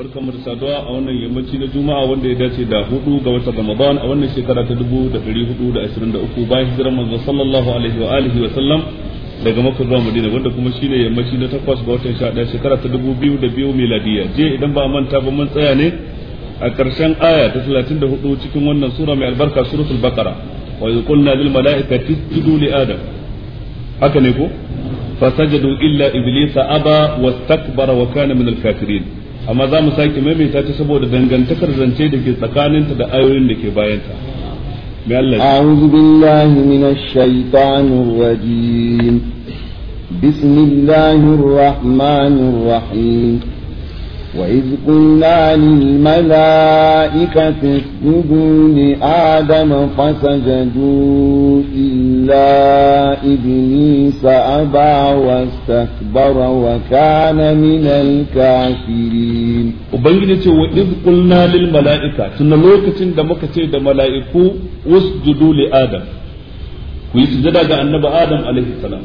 barkan mu da saduwa a wannan yammaci na juma'a wanda ya dace da hudu ga watan ramadan a wannan shekara ta dubu da dari hudu da ashirin da uku bayan hijirar manzo sallallahu alaihi wa alihi wa sallam daga makka zuwa madina wanda kuma shine yammaci na takwas ga watan sha shekara ta dubu biyu da biyu miladiya je idan ba manta ba mun tsaya ne a ƙarshen aya ta talatin da hudu cikin wannan sura mai albarka suratul baqara wa yaqulna lil mala'ikati isjudu li adam haka ne ko fasajadu illa iblisa aba wastakbara wa kana min al kafirin amma za mu sake maimaita ta saboda dangantakar zance da ke tsakaninta da ayoyin da ke bayanta أعوذ بالله من الشيطان الرجيم بسم الله الرحمن الرحيم وإذ قلنا للملائكة اسجدوا لآدم فسجدوا إلا إبليس أبى واستكبر وكان من الكافرين وبنجد وإذ قلنا للملائكة تنلوكة دمكة دملائكو اسجدوا لآدم ويسجد على النبي آدم عليه السلام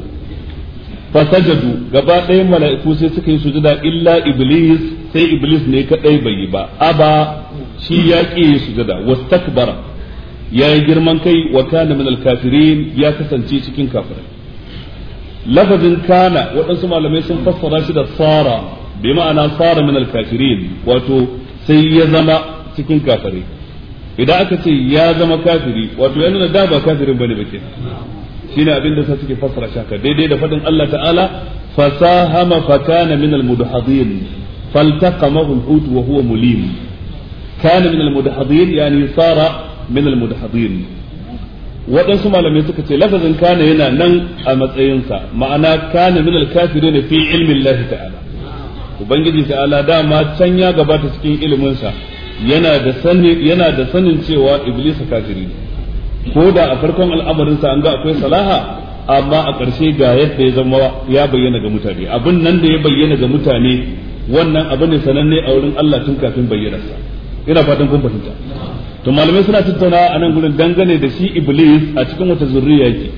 fasajadu gaba ɗayan mala'iku sai suka yi sujada illa iblis sai iblis ne kadai bai yi ba aba shi ya ki yi sujada wastakbara ya yi girman kai wa kana min alkafirin ya kasance cikin kafirai lafazin kana waɗansu malamai sun fassara shi da tsara bi ma'ana tsara min alkafirin wato sai ya zama cikin kafirai idan aka ce ya zama kafiri wato yana da daba kafirin bane bakin shine abin da suke fassara shi haka daidai da fadin Allah ta'ala fasahama fakana min almudhadin فالتقمه الحوت وهو مليم كان من المدحضين يعني صار من المدحضين waɗansu malamai suka ce lafazin kana yana nan a matsayinsa ma'ana kana min kafiri ne fi ilmin lahi ta'ala ubangiji ta'ala dama can ya gabata cikin iliminsa yana da sanin cewa iblis kafiri ko da a farkon al'amarin sa an ga akwai salaha amma a ƙarshe ga yadda ya zama ya bayyana ga mutane abin nan da ya bayyana ga mutane wannan abu ne sananne a wurin Allah tun kafin bayyanarsa ina fatan kun fahimta to malamai suna tattauna a nan gurin dangane da shi iblis a cikin wata zurriya yake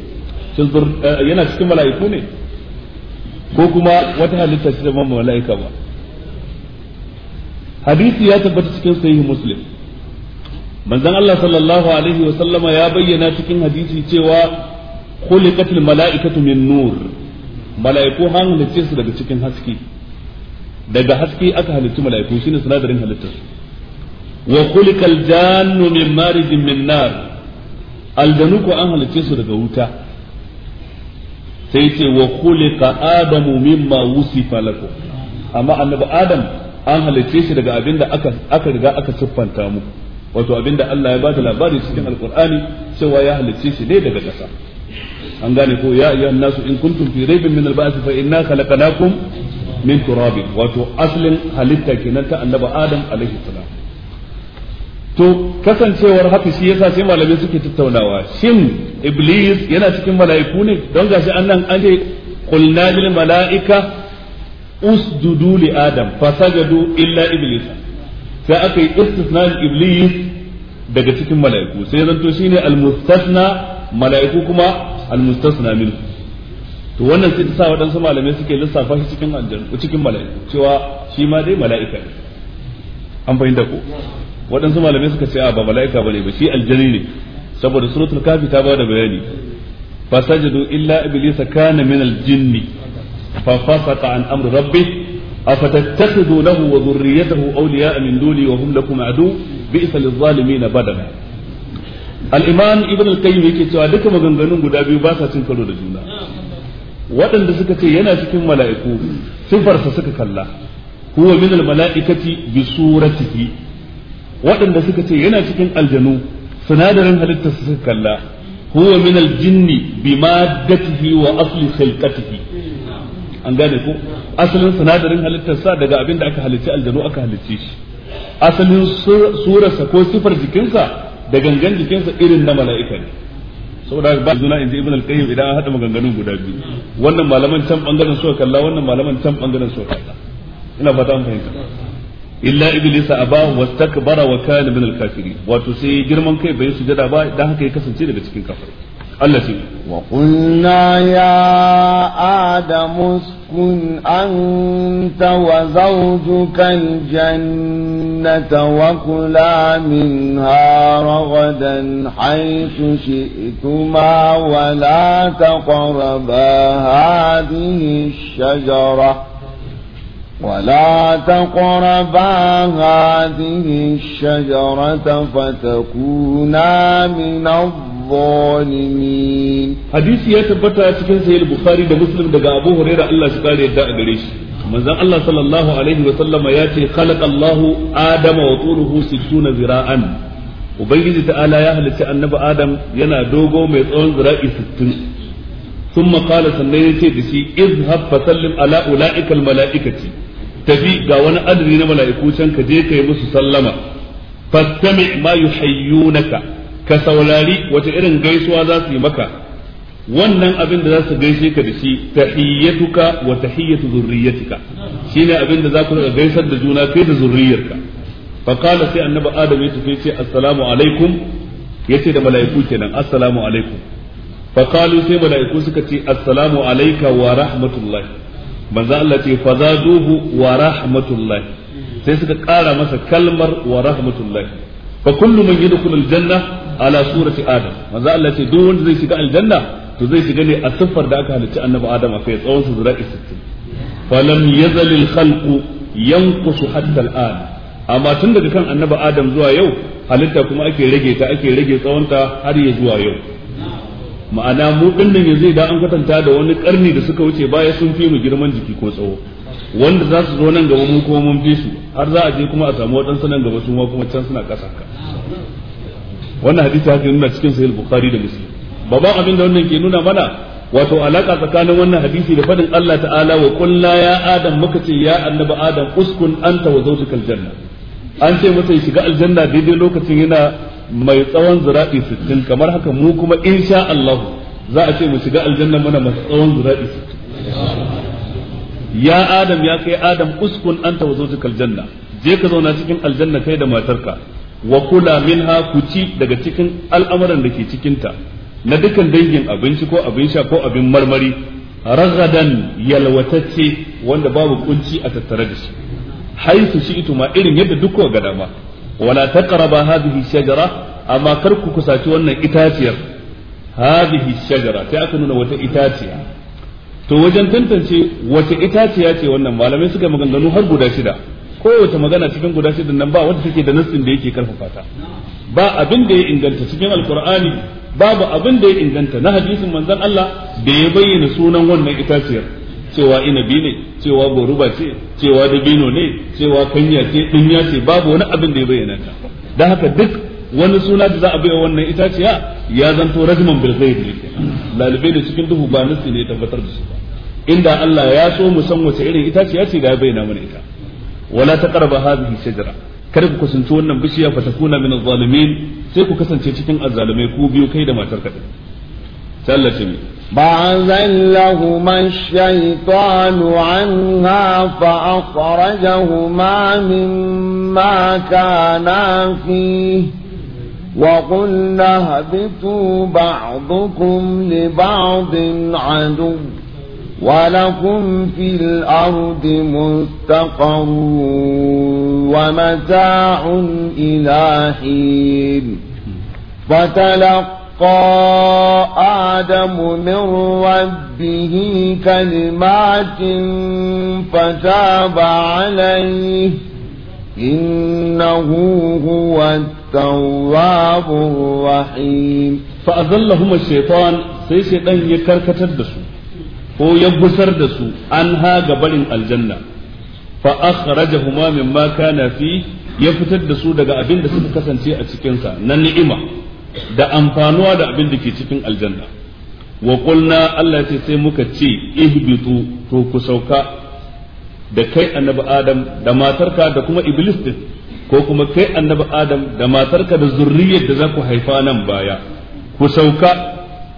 eh, yana cikin mala'iku ne ko kuma wata halitta ce da ba mala'ika ba hadisi ya tabbata cikin sahih muslim manzon Allah sallallahu alaihi wa sallama ya bayyana cikin hadisi cewa khuliqatil mala'ikatu min nur mala'iku han su daga cikin haske daga haske aka halitta mala'iku shine sinadarin halittar wa khuliqal jannu min marijin min nar aljanu ko an halitta su daga wuta sai ce wa khuliqa adamu mimma wusifa lakum amma annabi adam an halitta shi daga abinda aka aka riga aka siffanta mu. wato abinda Allah ya bada labari cikin alqur'ani cewa ya halitta shi ne daga kasa an gane ko ya ayyuhan nasu in kuntum fi raibin min al-ba'th fa inna khalaqnakum min turabin wato asalin halitta kenan ta annabi adam alaihi salam to kasancewar haka shi yasa sai malamai suke tattaunawa shin iblis yana cikin mala'iku ne don gashi annan an ce qulna lil mala'ika usjudu li adam fasajadu illa iblis sai aka yi istisna iblis daga cikin mala'iku sai zanto shine al-mustasna mala'iku kuma al-mustasna minhu to wannan sai ta sa waɗansu malamai suke lissafa shi cikin aljanna cikin mala'iku cewa shi ma dai mala'ika ne an fahimta ko waɗansu malamai suka ce a ba mala'ika bane ba shi aljani ne saboda suratul kafi ta ba da bayani fasajadu illa iblisa kana min aljinni fa fasaqa an amri rabbih afatattakhidu lahu wa dhurriyyatahu awliya'a min duni wa hum lakum adu bi'sa lizzalimina badala al-imam ibn al-qayyim yake cewa duka maganganun guda biyu ba sa cin karo da juna waɗanda suka ce yana cikin mala'iku sifarsa suka kalla huwa min almala'ikati bi suratihi waɗanda suka ce yana cikin aljanu sinadarin halittar suka kalla huwa min aljinni bi maddatihi wa asli khilqatihi an gane ko asalin sinadarin halittarsa daga abin da aka halicci aljanu aka halicce shi asalin surarsa ko sifar jikinsa da gangan jikinsa irin na mala'ika ne saboda ba zuna inji ibn al-qayyim idan an hada maganganun guda biyu wannan malaman can bangaren suka kalla wannan malaman can bangaren suka kalla ina fata an fahimta illa iblisa aba wastakbara wa kana min al-kafirin wato sai girman kai bai sujada ba dan haka ya kasance daga cikin kafirai التي وقلنا يا آدم اسكن أنت وزوجك الجنة وكلا منها رغدا حيث شئتما ولا تقربا هذه الشجرة ولا تقربا هذه الشجرة فتكونا من الظالمين الظالمين حديث يا تبتا cikin sahih bukhari da muslim daga abu hurairah Allah shi yadda a gare shi manzon Allah sallallahu alaihi wa sallama ya ce khalaqa Allahu adama wa tuluhu 60 zira'an ubangiji ta'ala ya halitta annabi adam yana dogo mai tsawon zira'i 60 thumma qala sannan ya ce da shi izhab fa sallim ala ulaika al malaikati tafi ga wani adari na mala'iku can ka je kai musu sallama fastami ma yuhayyunaka ka saurari wata irin gaisuwa za su yi maka wannan abin da za su gaishe ka da shi tahiyyatuka wa tahiyyatu zurriyyatika shine abin da za ku riga gaisar da juna kai da zurriyarka fa qala sai annabi adam ya tafi ce assalamu alaikum yace da mala'iku kenan assalamu alaikum fa qalu sai mala'iku suka ce assalamu alayka wa rahmatullah manzo Allah ce fa zaduhu wa rahmatullah sai suka kara masa kalmar wa rahmatullah fa kullu man yadkhulu aljanna ala surati adam manzo Allah ce duk wanda zai shiga aljanna to zai shiga ne a siffar da aka halicci annabi adam a kai tsawon su zira'i 60 falam yazal al khalqu yanqusu hatta al an amma tun daga kan annabi adam zuwa yau halitta kuma ake rage ta ake rage tsawon ta har ya zuwa yau ma'ana mu din nan yanzu idan an kwatanta da wani karni da suka wuce baya sun fi mu girman jiki ko tsawo wanda za su zo nan gaba mun kuma mun fi su har za a je kuma a samu waɗansu nan gaba su kuma can suna ƙasa ka wannan hadisi haka nuna cikin sahih bukhari da muslim babban abin da wannan ke nuna mana wato alaka tsakanin wannan hadisi da fadin Allah ta'ala wa qul la ya adam muka ce ya annabi adam uskun anta wa zawjuka aljanna an ce masa ya shiga aljanna daidai lokacin yana mai tsawon zira'i 60 kamar haka mu kuma insha Allah za a ce mu shiga aljanna mana mai tsawon zira'i 60 ya adam ya kai adam uskun anta wa zawjukal aljanna je ka zauna cikin aljanna kai da matarka wa kula minha ku ci daga cikin al'amuran da ke cikinta na dukan dangin abinci ko abin sha ko abin marmari ragadan yalwatacce wanda babu kunci a tattare da shi haisu shi ituma irin yadda duk ga dama wala taqraba hadhihi shajara amma kar ku kusaci wannan itaciyar hadhihi shajara sai aka nuna wata itaciya to wajen tantance wace itaciya ce wannan malamai suka maganganu har guda shida kowace magana cikin guda shida nan ba wanda take da nassin da yake karfafa ta ba abin da ya inganta cikin alkur'ani babu abin da ya inganta na hadisin manzon Allah da ya bayyana sunan wannan itaciyar cewa inabi ne cewa goruba ce cewa dabino ne cewa kanya ce dinya ce babu wani abin da ya bayyana ta dan haka duk wani suna da za a bayyana wannan itaciya ya zanto rajman bil ghaibi lalibai da cikin duhu ba nasi ne tabbatar da su ba inda Allah ya so mu san wace irin ya ce da ya bayyana mana ita wala taqrabu hadhihi shajara kar ku kusanci wannan bishiya fa takuna min adh-dhalimin sai ku kasance cikin azzalimai ku biyu kai da matar ka sallace mi فأزلهما الشيطان عنها فأخرجهما مما كانا فيه وقلنا اهبطوا بعضكم لبعض عدو ولكم في الأرض مستقر ومتاع إلى حين فتلقى آدم من ربه كلمات فتاب عليه إنه هو التواب الرحيم فأذلهم الشيطان sai shaidan ya karkatar da su ko ya busar da su an haga barin aljanna fa humamin maka na fi ya fitar da su daga abin da suka kasance a cikinsa na ni'ima da amfanuwa da abin da ke cikin aljanna wa qulna Allah sai muka ce ihbitu to ku sauka da kai annabi adam da matarka da kuma iblis din ko kuma kai annabi adam da matarka da zurriyar da za ku haifa nan baya ku sauka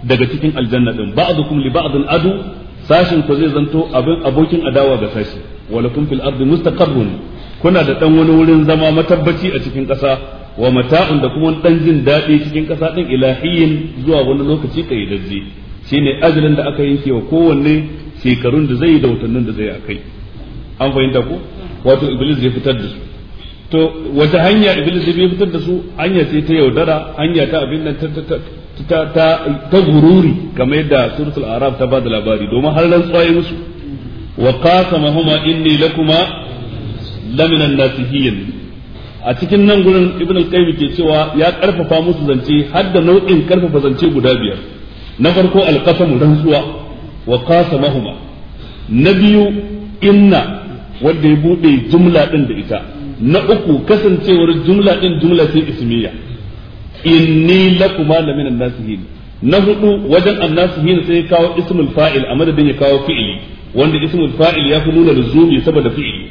daga cikin aljanna din ba'dukum li ba'din adu sashin ku zai zanto abin abokin adawa ga sashi walakum fil ardi mustaqarrun kuna da dan wani wurin zama matabbaci a cikin kasa wa mata'un da kuma dan jin daɗi cikin kasa din ilahiyin zuwa wani lokaci kayyadajje shine ajalin da aka yanke wa kowanne shekarun da zai yi da watannin da zai akai an fahimta ku wato iblis ya fitar da su to wata hanya iblis ya fitar da su hanya ce ta yaudara hanya ta abin nan ta ta ta gururi kamar yadda suratul arab ta bada labari domin har ran tsaye musu wa qasamahuma inni lakuma lamina nasihiyin a cikin nan gurin ibn al-qayyim ke cewa ya karfafa musu zance har da nau'in karfafa zance guda biyar na farko al-qasamu rantsuwa wa qasamahuma na biyu inna wanda ya bude jumla din da ita na uku kasancewar jumla din jumla ce ismiya inni lakuma la minan nasihin na hudu wajen annasihin sai ya kawo ismul fa'il a madadin ya kawo fi'ili wanda ismul fa'il ya fi nuna luzumi saboda fi'ili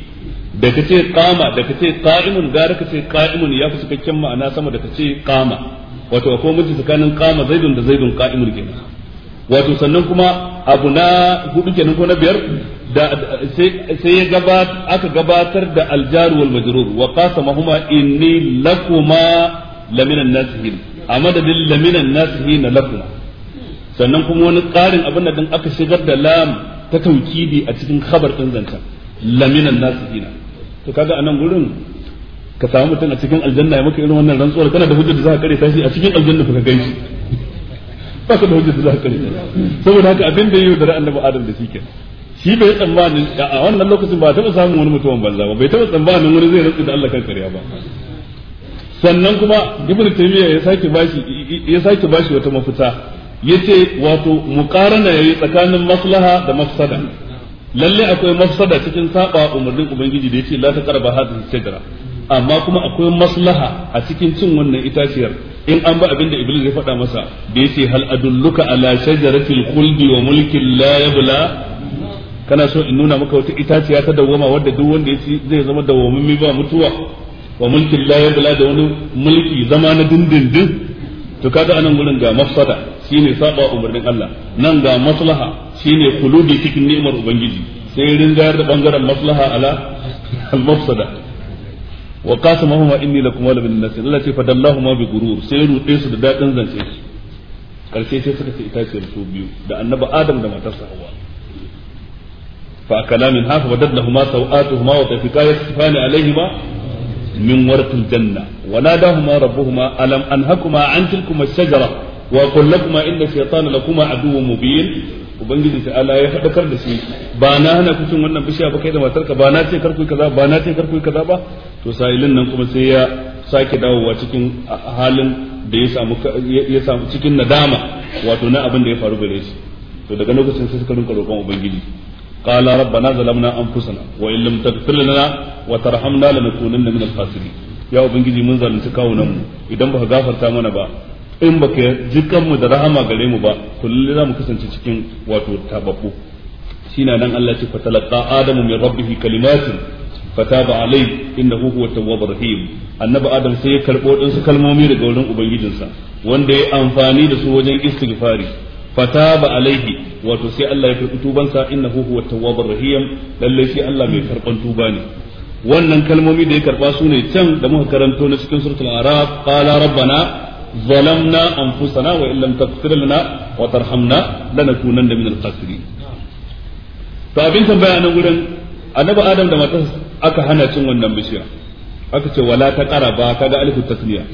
da kace qama da kace qa'imun gara ce qa'imun ya fi cikakken ma'ana sama da kace qama wato akwai mutunci tsakanin qama zaidun da zaidun qa'imun kenan wato sannan kuma abu na hudu kenan ko na biyar da sai ya gabat aka gabatar da aljar wal majrur wa qasamahuma inni lakuma lamina nasihin a madadin lamina nasihin lakuma sannan kuma wani karin abin da aka shigar da lam ta taukidi a cikin khabar din zancen lamina nasihin to kaga anan gurin ka samu mutum a cikin aljanna ya maka irin wannan rantsuwar kana da hujjar da za ka kare tashi a cikin aljanna ka gaishe ba ka da hujjar da za ka kare saboda haka abin da yau da ra'an adam da shike shi bai tsammanin a wannan lokacin ba taɓa samun wani mutumin banza ba bai taɓa tsammanin wani zai rantsu da Allah kan kariya ba sannan kuma ibn taymiya ya sake bashi ya sake bashi wata mafita yace wato muqarana yayi tsakanin maslaha da mafsada lalle akwai mafsada cikin saba umarnin ubangiji da yace la ta taqrabu hadhihi shajara amma kuma akwai maslaha a cikin cin wannan itaciyar in an ba abinda iblis ya faɗa masa da yace hal adulluka ala shajaratil khuldi wa mulkin la yabla kana so in nuna maka wata itaciya ta dawwama wadda duk wanda yace zai zama dawwammi ba mutuwa wa mulkin la yabla da wani mulki zama na dindindin to kaga anan gurin ga mafsada shine saba umarnin Allah nan ga maslaha shine khuludi cikin ni'imar ubangiji sai rinjayar da bangaren maslaha ala al mafsada wa qasamahuma inni lakum wa lil nasir Allah ce fadallahuma bi gurur sai rude su da dadin zance su karshe sai suka ci itaciyar su biyu da annabi adam da matarsa hawa fa akala min hafa wadallahuma sawatuhuma wa tafiqa yasfani alaihima من ورق الجنة وناداهما an ألم أنهكما عن wa الشجرة وأقول لكما إن الشيطان لكما عدو مبين ubangiji ta ala ya fadakar da shi ba na hana kucin wannan bishiya ba kai da ka ba na ce kar kaza ba na ce kar kaza ba to sa'ilin nan kuma sai ya sake dawowa cikin halin da ya samu ya samu cikin nadama wato na abin da ya faru gare shi to daga lokacin sai suka rinka roƙon ubangiji qala rabbana zalamna anfusana wa in lam taghfir lana wa tarhamna lanakunanna minal khasirin ya ubangiji mun zalunci kawunan mu idan ka gafarta mana ba in baka jikan mu da rahama gare mu ba kullum za mu kasance cikin wato tababbu shine nan Allah ce fatalaqa adamu min rabbih kalimatin fataba alai innahu huwa tawwabur rahim annabi adam sai ya karbo din su kalmomi daga wurin ubangijinsa wanda ya amfani da su wajen istighfari fataba alaihi wato sai Allah ya karbi tubansa innahu huwa tawwabur rahim lalle shi Allah mai karban tuba ne wannan kalmomi da ya karba su ne can da muka karanto na cikin suratul araf qala rabbana ظلمنا أنفسنا وإن لم تغفر لنا وترحمنا لنكونن من الخاسرين فأبين تنبأ أنا أقول annabi Adam da matarsa aka hana cin wannan bishiya aka ce wala ta qaraba kaga alifu tasniya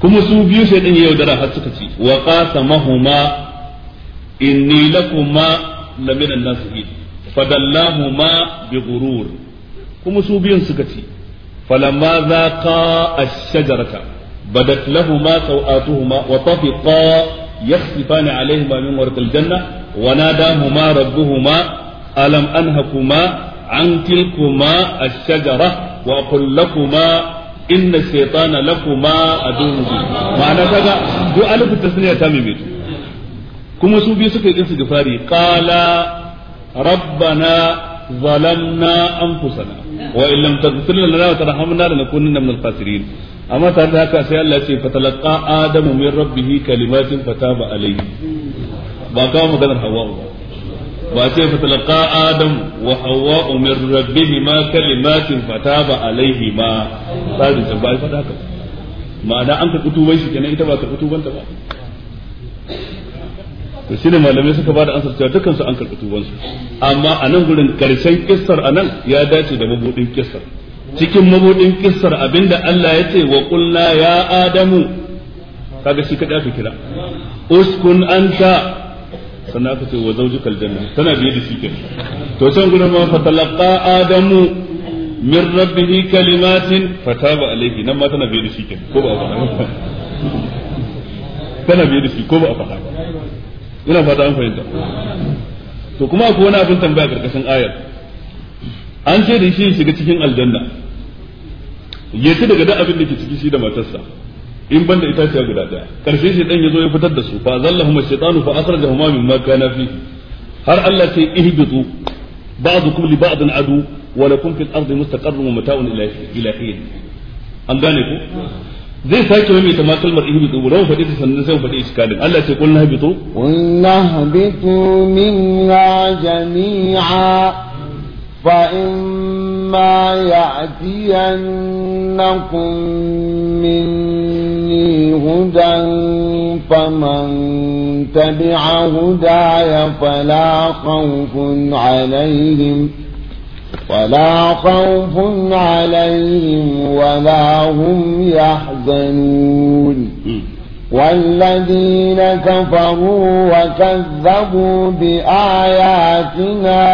kuma su biyu sai din yau dara har suka ci wa qasamahuma inni lakuma lamina fadallahuma biyun suka ci shajarata بدت لهما سوآتهما وطفقا يخسفان عليهما من ورق الجنة وناداهما ربهما ألم أنهكما عن تلكما الشجرة وأقول لكما إن الشيطان لكما به معنى كذا دو ألف التسنية تامي كما سو بيو سكي إنس جفاري قال ربنا ظلمنا أنفسنا وإن لم تغفر لنا وترحمنا لنكونن من الخاسرين amma tare da haka sai Allah ce fatalaqa adamu min rabbih kalimatin fataba alayhi ba ka maganar hawa ba ba ce fatalaqa adamu wa hawa min rabbih ma kalimatin fataba alayhi ma tsarin ta bai fada haka ma'ana an ka kutuban shi kenan ita ba ka kutuban ta ba to shine malamai suka bada ansar cewa dukkan su an karɓi tuban amma a nan gurin karshen kissar a nan ya dace da mabudin kissar cikin mabudin kissar abinda Allah ya ce wa qulna ya adamu kaga shi kada aka kira uskun anta sannan ka ce wa zawjuka aljanna tana biye da shi kenan to can gurin ma fa fatalaqa adamu min rabbihi kalimatin fataba alayhi nan ma tana biye da shi kenan ko ba a faɗa tana biye da shi ko ba a faɗa ina fata an fahimta to kuma akwai wani abin tambaya karkashin ayar an ce shi shiga cikin aljanna ya ci daga da abin da ke ciki shi da matarsa in banda itaciya guda daya karshe shi dan yazo ya fitar da su fa zallahuma shaytanu fa akhrajahuma mimma kana fi har Allah ce ihbitu ba'dukum li ba'din adu wa lakum fil ardi mustaqarrun wa mata'un ila hin an gane ku zai sake mai ta kalmar ihmi dubu rawu faɗi ta sannan sai faɗi iskalin Allah ce kullu habitu kullu habitu minna jami'a فإما يأتينكم مني هدى فمن تبع هداي فلا خوف عليهم ولا خوف عليهم ولا هم يحزنون والذين na وكذبوا بآياتنا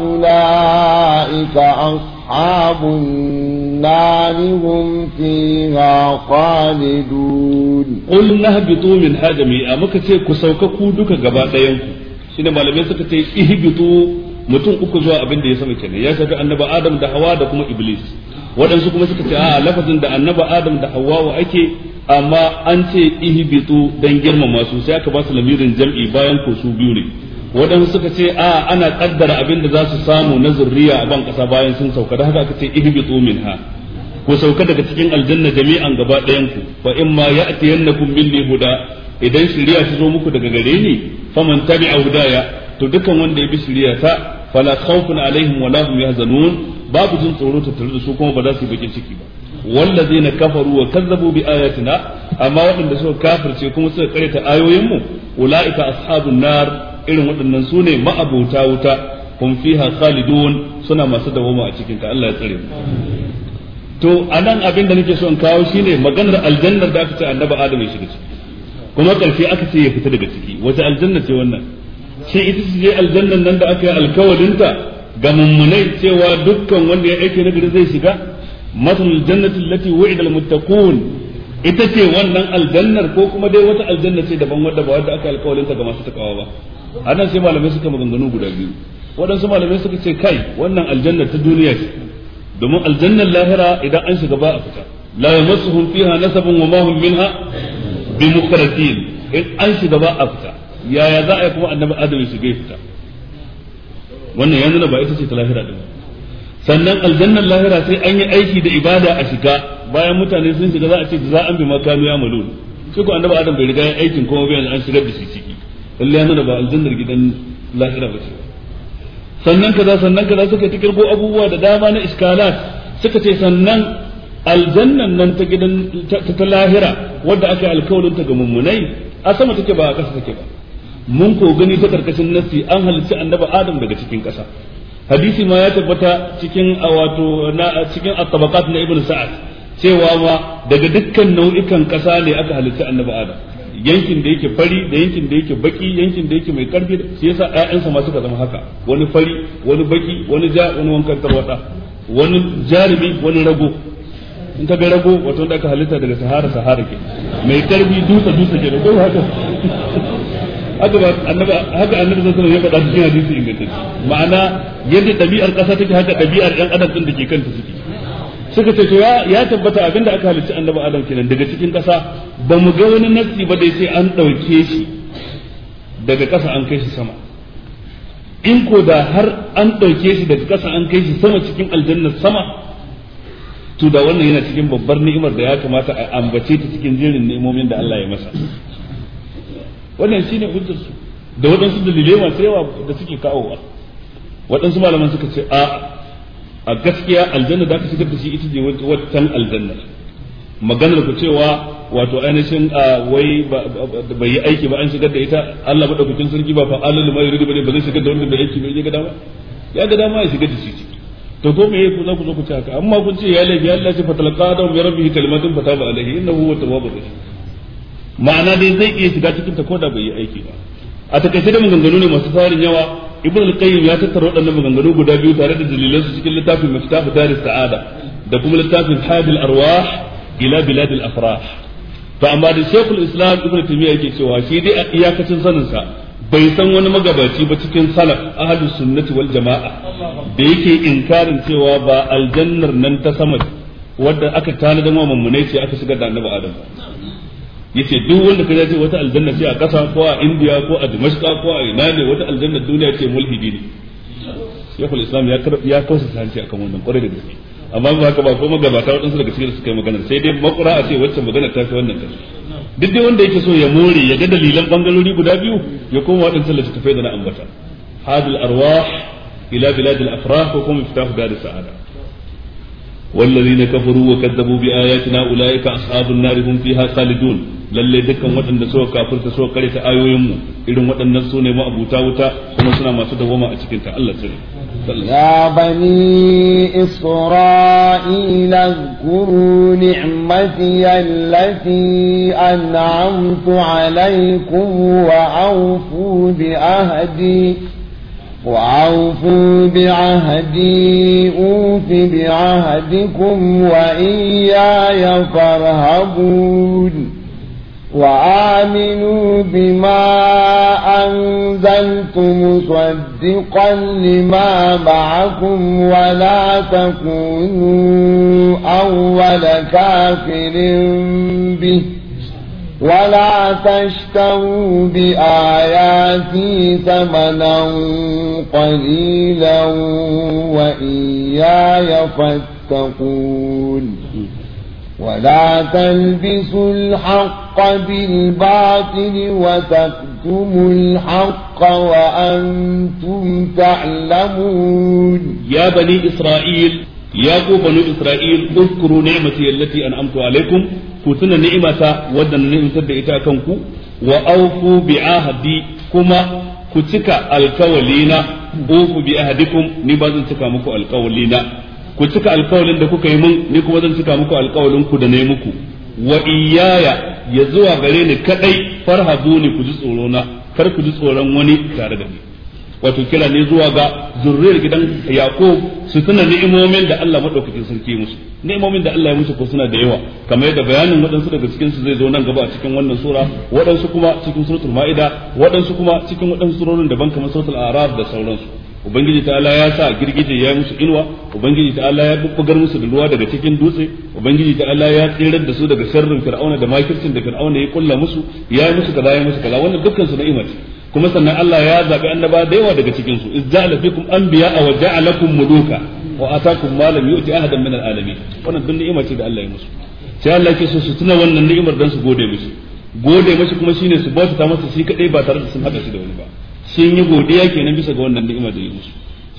أولئك أصحاب النار هم فيها ku قل نهبطوا من هذا مئة مكتب كسوككو دك قبات ينكو سينما لم يسكتي اهبطوا mutum uku zuwa abinda ya sama kenan ya shafi annaba adam da hawa da kuma iblis waɗansu kuma suka ce a lafazin da annaba adam da hawa ake amma an ce ihibitu dan girmama su sai aka ba su lamirin jam'i bayan ko su biyu ne waɗansu suka ce a ana kaddara abin da za su samu na zurriya a ban ƙasa bayan sun sauka da haka aka ce min minha ku sauka daga cikin aljanna jami'an gaba dayan ku fa in ma ya'tiyannakum minni huda idan shari'a ta zo muku daga gare ni faman tabi'a hudaya to dukkan wanda ya bi shari'a ta fala khawfun alaihim wala hum yahzanun babu jin tsoro tattare da su kuma ba za su yi bakin ciki ba wallazina kafaru wa kazzabu bi ayatina amma waɗanda suka kafirce kuma suka karyata ayoyinmu ulaika ashabun nar irin waɗannan su ne ma'abuta wuta hum fiha khalidun suna masu dawoma a cikin ka Allah ya tsare mu to anan abin da nake so in kawo shine maganar aljannar da aka ce annabi adam ya shiga ciki kuma ƙarfi aka ce ya fita daga ciki wata aljanna ce wannan sai ita su je aljannan nan da aka yi alkawalinta ga mummunai cewa dukkan wanda ya aike na gari zai shiga masalul jannati allati wu'ida almuttaqun ita ce wannan aljannar ko kuma dai wata aljanna ce daban wadda ba wadda aka alƙawarin ta ga masu takawa ba anan sai malamai suka maganganu guda biyu waɗansu malamai suka ce kai wannan aljannar ta duniya ce domin aljannar lahira idan an shiga ba a fita la yamassuhum fiha nasabun wa ma hum minha bimukhrajin in an shiga ba a fita yaya za a yi kuma annabi adam ya shiga fita wannan ya nuna ba ita ce ta lahira din sannan aljannan lahira sai an yi aiki da ibada a shiga bayan mutane sun shiga za a ce za an bi makanu ya malu sai ku annabi adam bai riga ya aikin kuma bai an shigar da shi ciki lalle yana ba aljannar gidan lahira ba ce sannan kaza sannan kaza suka tikar go abubuwa da dama na iskalat suka ce sannan aljannan nan ta gidan ta lahira wadda aka yi alkawarin ta ga mummunai a sama take ba a ƙasa take ba mun ko gani ta karkashin nasi an halicci annabi adam daga cikin ƙasa hadisi ma ya tabbata cikin wato na cikin at-tabaqat na ibnu sa'ad cewa ma daga dukkan nau'ikan kasa ne aka halitta annabi adam yankin da yake fari da yankin da yake baki yankin da yake mai karfi shi yasa ayyansa ma suka zama haka wani fari wani baki wani ja wani wankan tarwada wani jarumi wani rago in ka ga rago wato da aka halitta daga sahara sahara ke mai karfi dusa dusa ke da haka haka ba annabi haka annabi sallallahu alaihi wasallam ya faɗa cikin hadisi ingantacce ma'ana yadda ɗabi'ar ƙasa take haka ɗabi'ar ɗan adam din da ke kanta suke suka ce to ya tabbata abinda aka halicci annabi adam kenan daga cikin ƙasa ba mu ga wani nassi ba da sai an ɗauke shi daga ƙasa an kai shi sama in ko da har an ɗauke shi daga ƙasa an kai shi sama cikin aljannar sama to da wannan yana cikin babbar ni'imar da ya kamata a ambace ta cikin jerin ni'imomin da Allah ya masa wannan shi ne hujjarsu da waɗansu dalilai masu yawa da suke kawowa waɗansu malaman suka ce a a gaskiya aljanna da aka shigar da shi ita ce wancan aljanna maganar ku cewa wato ainihin wai bai yi aiki ba an shigar da ita Allah madaukakin sarki ba fa alal ma yuridu bane ba zai shigar da wanda bai aiki bai ga dama ya ga dama ya shigar da shi to ko me ku za ku zo ku ce haka amma kun ce ya laifi Allah ce fatalqa da rabbi kalimatun fataba alaihi innahu huwa tawwabur rahim ma'ana dai zai iya shiga cikin ta koda bai yi aiki ba a takaice da maganganu ne masu tsarin yawa ibn al-qayyim ya tattara waɗannan maganganu guda biyu tare da dalilan su cikin littafin miftahu daris sa'ada da kuma littafin hadil arwah ila bilad al-afrah to amma da shaykhul islam ibn taymiya yake cewa shi dai a iyakacin sanin sa bai san wani magabaci ba cikin salaf ahlus sunnati wal jama'a da yake inkarin cewa ba aljannar nan ta sama wadda aka tanadan wa mummunai ce aka shiga da annabi adam yace duk wanda kaje ce wata aljanna ce a ƙasa ko a indiya ko a Dimashqa ko a ina ne wata aljanna duniya ce mulhidi ne Sheikhul Islam ya ya kausa sanci akan wannan kwarai da gaske amma ba haka ba ko magabata waɗansu daga cikin suka yi magana sai dai makura a ce wacce magana ta fi wannan kashi duk dai wanda yake so ya more ya ga dalilan bangalori guda biyu ya koma waɗansu littattafai da na ambata hadil arwah ila bilad al afrah ko kuma fitahu dar sa'ada والذين كفروا وكذبوا بآياتنا أولئك أصحاب النار هم فيها خالدون lalle dukkan waɗanda suka kafirta suka kare ta ayoyin mu irin waɗannan su ne ma'abuta wuta kuma suna masu dawoma a cikin ta Allah sirri يا بني إسرائيل اذكروا نعمتي التي أنعمت عليكم وأوفوا بعهدي وأوفوا بعهدي أوف بعهدكم وإياي فارهبون وآمنوا بما أنزلت مصدقا لما معكم ولا تكونوا أول كافر به ولا تشتروا بآياتي ثمنا قليلا وإياي فاتقون ولا تلبسوا الحق بالباطل وتكتموا الحق وأنتم تعلمون يا بني إسرائيل يا بنو إسرائيل اذكروا نعمتي التي أنعمت عليكم كتنا نعمة ودنا نعمة بإتاكمكم وأوفوا بعهدي كما كتك الكولين أوفوا بعهدكم نبازن تكامكم الكولين ku cika alkawalin da kuka yi mun ni kuma zan cika muku alkawalin ku da na muku wa iyaya ya zuwa gare ni kadai farhabu ni ku ji tsoro na kar ku ji tsoron wani tare da ni wato kira ne zuwa ga zurriyar gidan yaqub su tuna ni'imomin da Allah madaukakin sarki musu ni'imomin da Allah ya musu ko suna da yawa kamar yadda bayanin waɗansu daga cikin su zai zo nan gaba a cikin wannan sura waɗansu kuma cikin suratul maida waɗansu kuma cikin waɗansu surorin daban kamar suratul a'raf da sauransu ubangiji ta'ala ya sa girgije ya musu inuwa ubangiji Allah ya bubbugar musu da ruwa daga cikin dutse ubangiji Allah ya tsirar da su daga sharrin fir'auna da makircin da fir'auna ya kulla musu ya yi musu kaza ya musu kaza wannan dukkan su ni'ima kuma sannan Allah ya zabi annaba da yawa daga cikin su izza'ala fikum anbiya wa ja'alakum muluka wa atakum ma lam yu'ti ahadan min al'alamin wannan duk ni'ima ce da Allah ya musu sai Allah yake so su tuna wannan ni'imar dan su gode musu gode mashi kuma shine su bauta masa shi kadai ba tare da sun hada shi da wani ba sun yi godiya kenan bisa ga wannan ni'ima da yi musu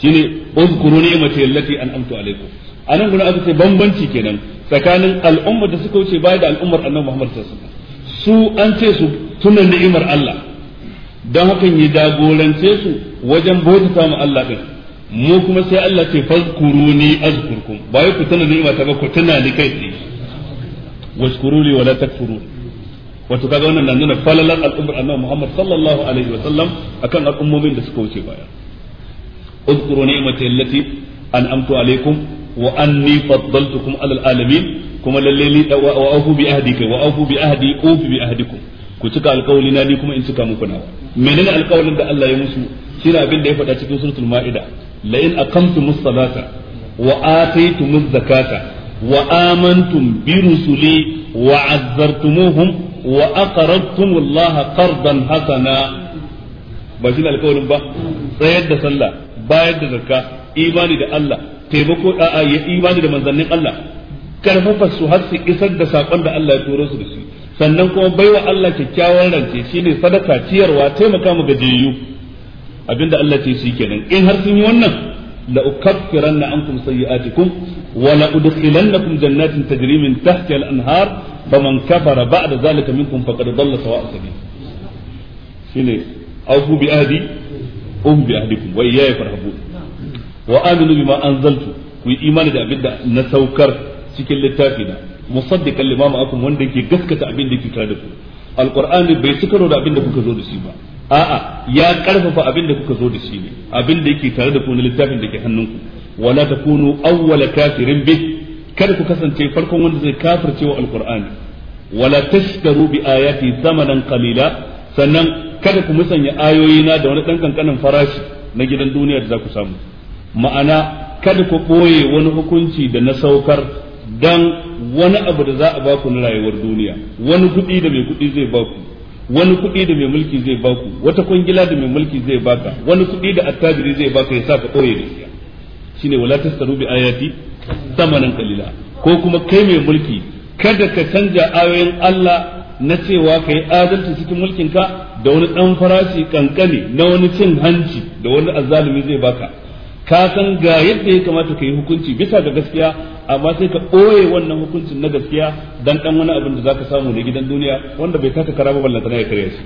shine uzkuru ni'mati allati an'amtu alaikum anan gurin aka ce bambanci kenan tsakanin al'ummar da suka wuce baya da al'ummar annabi Muhammad sallallahu alaihi wasallam su an ce su tuna ni'imar Allah dan hakan ya dagorance su wajen bautata ma Allah din mu kuma sai Allah ce fazkuruni azkurkum ba ku tuna ni'ima ta ba ku tuna ni kai tsaye washkuruli wala takfuruni wato kaga wannan na nuna falalar al'ummar annabi Muhammad sallallahu alaihi wa sallam akan al'ummomin da suka wuce baya اذكروا نعمتي التي انعمت عليكم واني فضلتكم على العالمين كما للي واوفوا بعهدك واوفوا بعهدي bi بعهدكم ku cika alkawali na ni kuma in cika muku nawa menene alkawalin da Allah ya musu shine abin da ya faɗa cikin suratul maida la in aqamtumus salata wa ataytumuz zakata wa amantum bi rusuli wa azzartumuhum wa aqrabtumullaha qardan hasana ba shi alƙawarin ba tsayar da sallah bayar da zakka imani da Allah taimako a ya imani da manzannin Allah karfafa su har su isar da sakon da Allah ya turo su da shi sannan kuma baiwa Allah kyakkyawan rance shine sadaka ciyarwa taimaka mu gajiyayyu abinda Allah ce shi kenan in har sun yi wannan la ukaffiranna ankum sayyi'atikum wa la udkhilannakum jannatin tajri min tahtiha al-anhar faman kafara ba'da zalika minkum faqad dalla sawa'a sabil shine aufu bi ahdi um bi ahdikum wa iyaya farhabun wa aminu bima anzaltu ku yi imani da abin da na saukar cikin littafi na musaddiqan lima ma'akum wanda yake gaskata abin da yake tare da ku bai ci karo da abin da kuka zo da shi ba a'a ya karfafa abin da kuka zo da shi ne abin da yake tare da ku na littafin da ke hannunku wala takunu awwala kafirin bi kada ku kasance farkon wanda zai kafirce wa alqur'ani wala tashtaru bi ayati thamanan qalila sannan kada ku musanya ayoyi na da wani dan kankanin farashi na gidan duniya da za ku samu ma'ana kada ku boye wani hukunci da na saukar dan wani abu da za a baku na rayuwar duniya wani kuɗi da mai kuɗi zai baku wani kuɗi da mai mulki zai baku wata kwangila da mai mulki zai baka wani kuɗi da attajiri zai baka ya sa ka ɓoye shi shine wala tasaru bi ayati samanan kalila ko kuma kai mai mulki kada ka canja ayoyin Allah na cewa ka yi adalci cikin mulkinka da wani ɗan farashi kankane na wani cin hanci da wani azalumi zai baka ka san ga yadda ya kamata ka yi hukunci bisa ga gaskiya amma sai ka ɓoye wannan hukuncin na gaskiya dan dan wani abin da za ka samu da gidan duniya wanda bai taka kara ba ballanta ya karya shi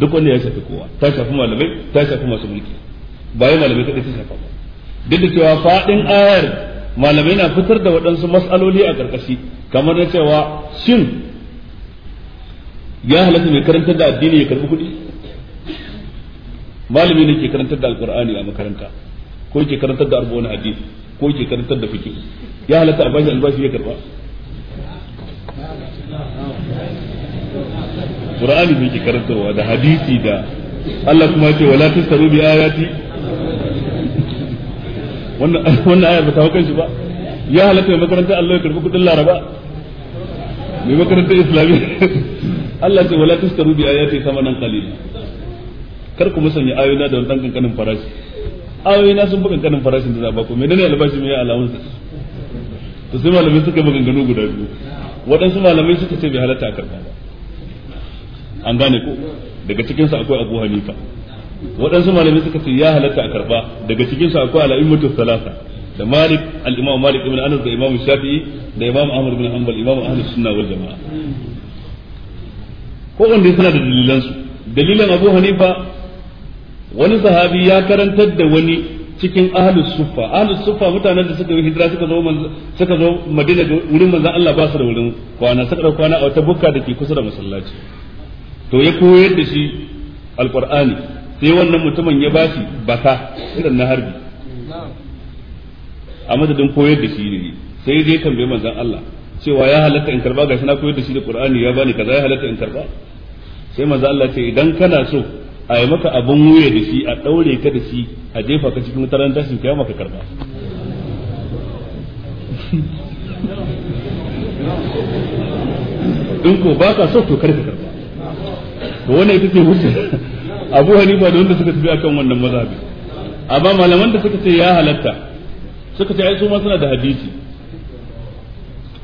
duk wanda ya shafi kowa ta shafi malamai ta shafi masu mulki ba yi malamai kaɗai ta shafa ba duk da cewa faɗin ayar malamai na fitar da waɗansu matsaloli a ƙarƙashi kamar na cewa shin ya halatta mai karantar da addini ya karɓi kuɗi malami ne ke karantar da alkur'ani a makaranta ko ke karantar da arbon hadisi ko ke karantar da fiqh ya halatta a bashi albashi ya karba qur'ani ne ke karantarwa da hadisi da Allah kuma ce wala tasaru bi ayati wannan wannan ayar ba ta hukunci ba ya halatta mai makarantar Allah ya karbi kudin Laraba mai makarantar Islamiyya Allah ce wala tasaru bi ayati samanan qalil kar ku musanya ayoyina da wani dan kankanin farashi ayoyina sun fi kankanin farashin da za ba ku menene albashi mai alawun to sai malamai suka maganganu guda biyu waɗansu malamai suka ce bai halatta a karɓa ba an gane ko daga cikinsu akwai abu hanifa waɗansu malamai suka ce ya halatta a karɓa daga cikinsu akwai al'immatu salasa da malik al malik ibn anas da imam shafi'i da imam ahmad ibn hanbal imam ahlus sunna wal jamaa ko wanda suna da dalilan su dalilan abu hanifa wani sahabi ya karantar da wani cikin ahli suffa ahli suffa mutanen da suka yi hijira suka zo suka zo madina wurin manzon Allah ba su da wurin kwana suka da kwana a wata bukka da ke kusa da masallaci to ya koyar da shi alqur'ani sai wannan mutumin ya bashi baka irin na harbi a madadin koyar da shi ne sai dai tambaye manzon Allah cewa ya halatta in karba gashi na koyar da shi da qur'ani ya bani kaza ya halatta in karba sai manzon Allah ce idan kana so a yi maka abin wuya da shi a ɗaure ka da shi a jefa ka cikin wutar tashin kiyama ka karba in ko ba ka so to kar ka karba to wannan ita ce wuce Abu Hanifa da wanda suka tafi akan wannan mazhabi amma malaman da suka ce ya halatta suka ce ai su ma suna da hadisi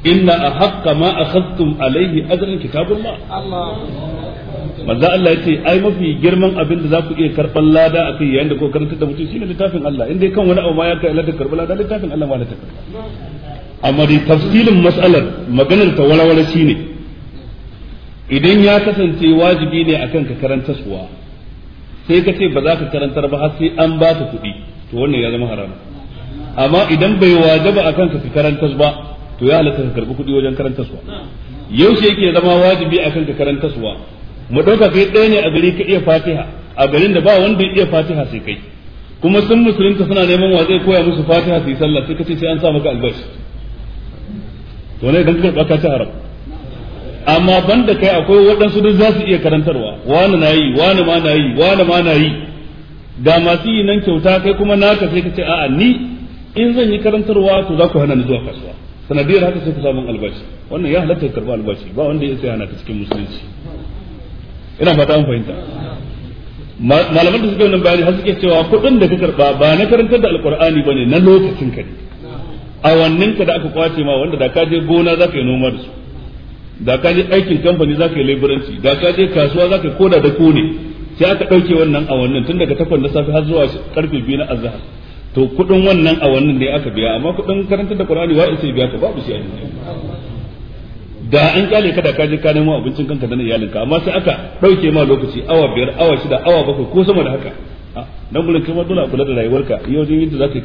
inna ahqqa ma akhadtum alayhi ajran kitabullah Allah manzo Allah ya ce ai mafi girman abin da za ku iya karban lada a kai yayin da ko karanta da mutum shine littafin Allah inda dai kan wani abu ma ya kai Allah ta karbi lada littafin Allah ma ta karbi amma dai tafsilin mas'alar maganar ta walawala shine idan ya kasance wajibi ne akan ka karanta suwa sai ka ce ba za ka karantar ba har sai an ba ka kuɗi to wannan ya zama haram amma idan bai wajaba akan ka karanta ba to ya halatta ka karbi kuɗi wajen karanta suwa yaushe yake zama wajibi akan ka karanta suwa mu ɗauka kai ɗaya ne a gari ka iya fatiha a garin da ba wanda ya iya fatiha sai kai kuma sun musulunta suna neman wa zai koya musu fatiha su yi sallah sai ka ce sai an sa maka albashi to ne idan ka ka ci haram amma banda kai akwai waɗansu duk za su iya karantarwa wani na yi wani ma na yi wani ma na yi ga masu yi nan kyauta kai kuma naka sai ka ce a'a ni in zan yi karantarwa to za ku hana ni zuwa kasuwa sanadiyar haka sai ku samu albashi wannan ya halatta karba albashi ba wanda ya sai hana ta cikin musulunci ina fata an fahimta malaman da suka wannan bayani har suke cewa kuɗin da ka karba ba na karantar da alkur'ani ba ne na lokacin ka ne awannin ka da aka kwace ma wanda da ka je gona za ka yi noma da su da ka je aikin kamfani za ka yi laboranci da ka je kasuwa za ka koda da ko ne sai aka ɗauke wannan awannin tun daga takwas na safe har zuwa karfe biyu na azahar to kuɗin wannan awannin ne aka biya amma kuɗin karantar da ƙur'ani wa sai biya ka babu shi a duniya da an kyale ka da ka je ka nemo abincin kanka da iyalinka amma sai aka dauke ma lokaci awa biyar awa shida awa bakwai ko sama da haka dan gurin kai ma dole a kula da rayuwarka yau din yadda zaka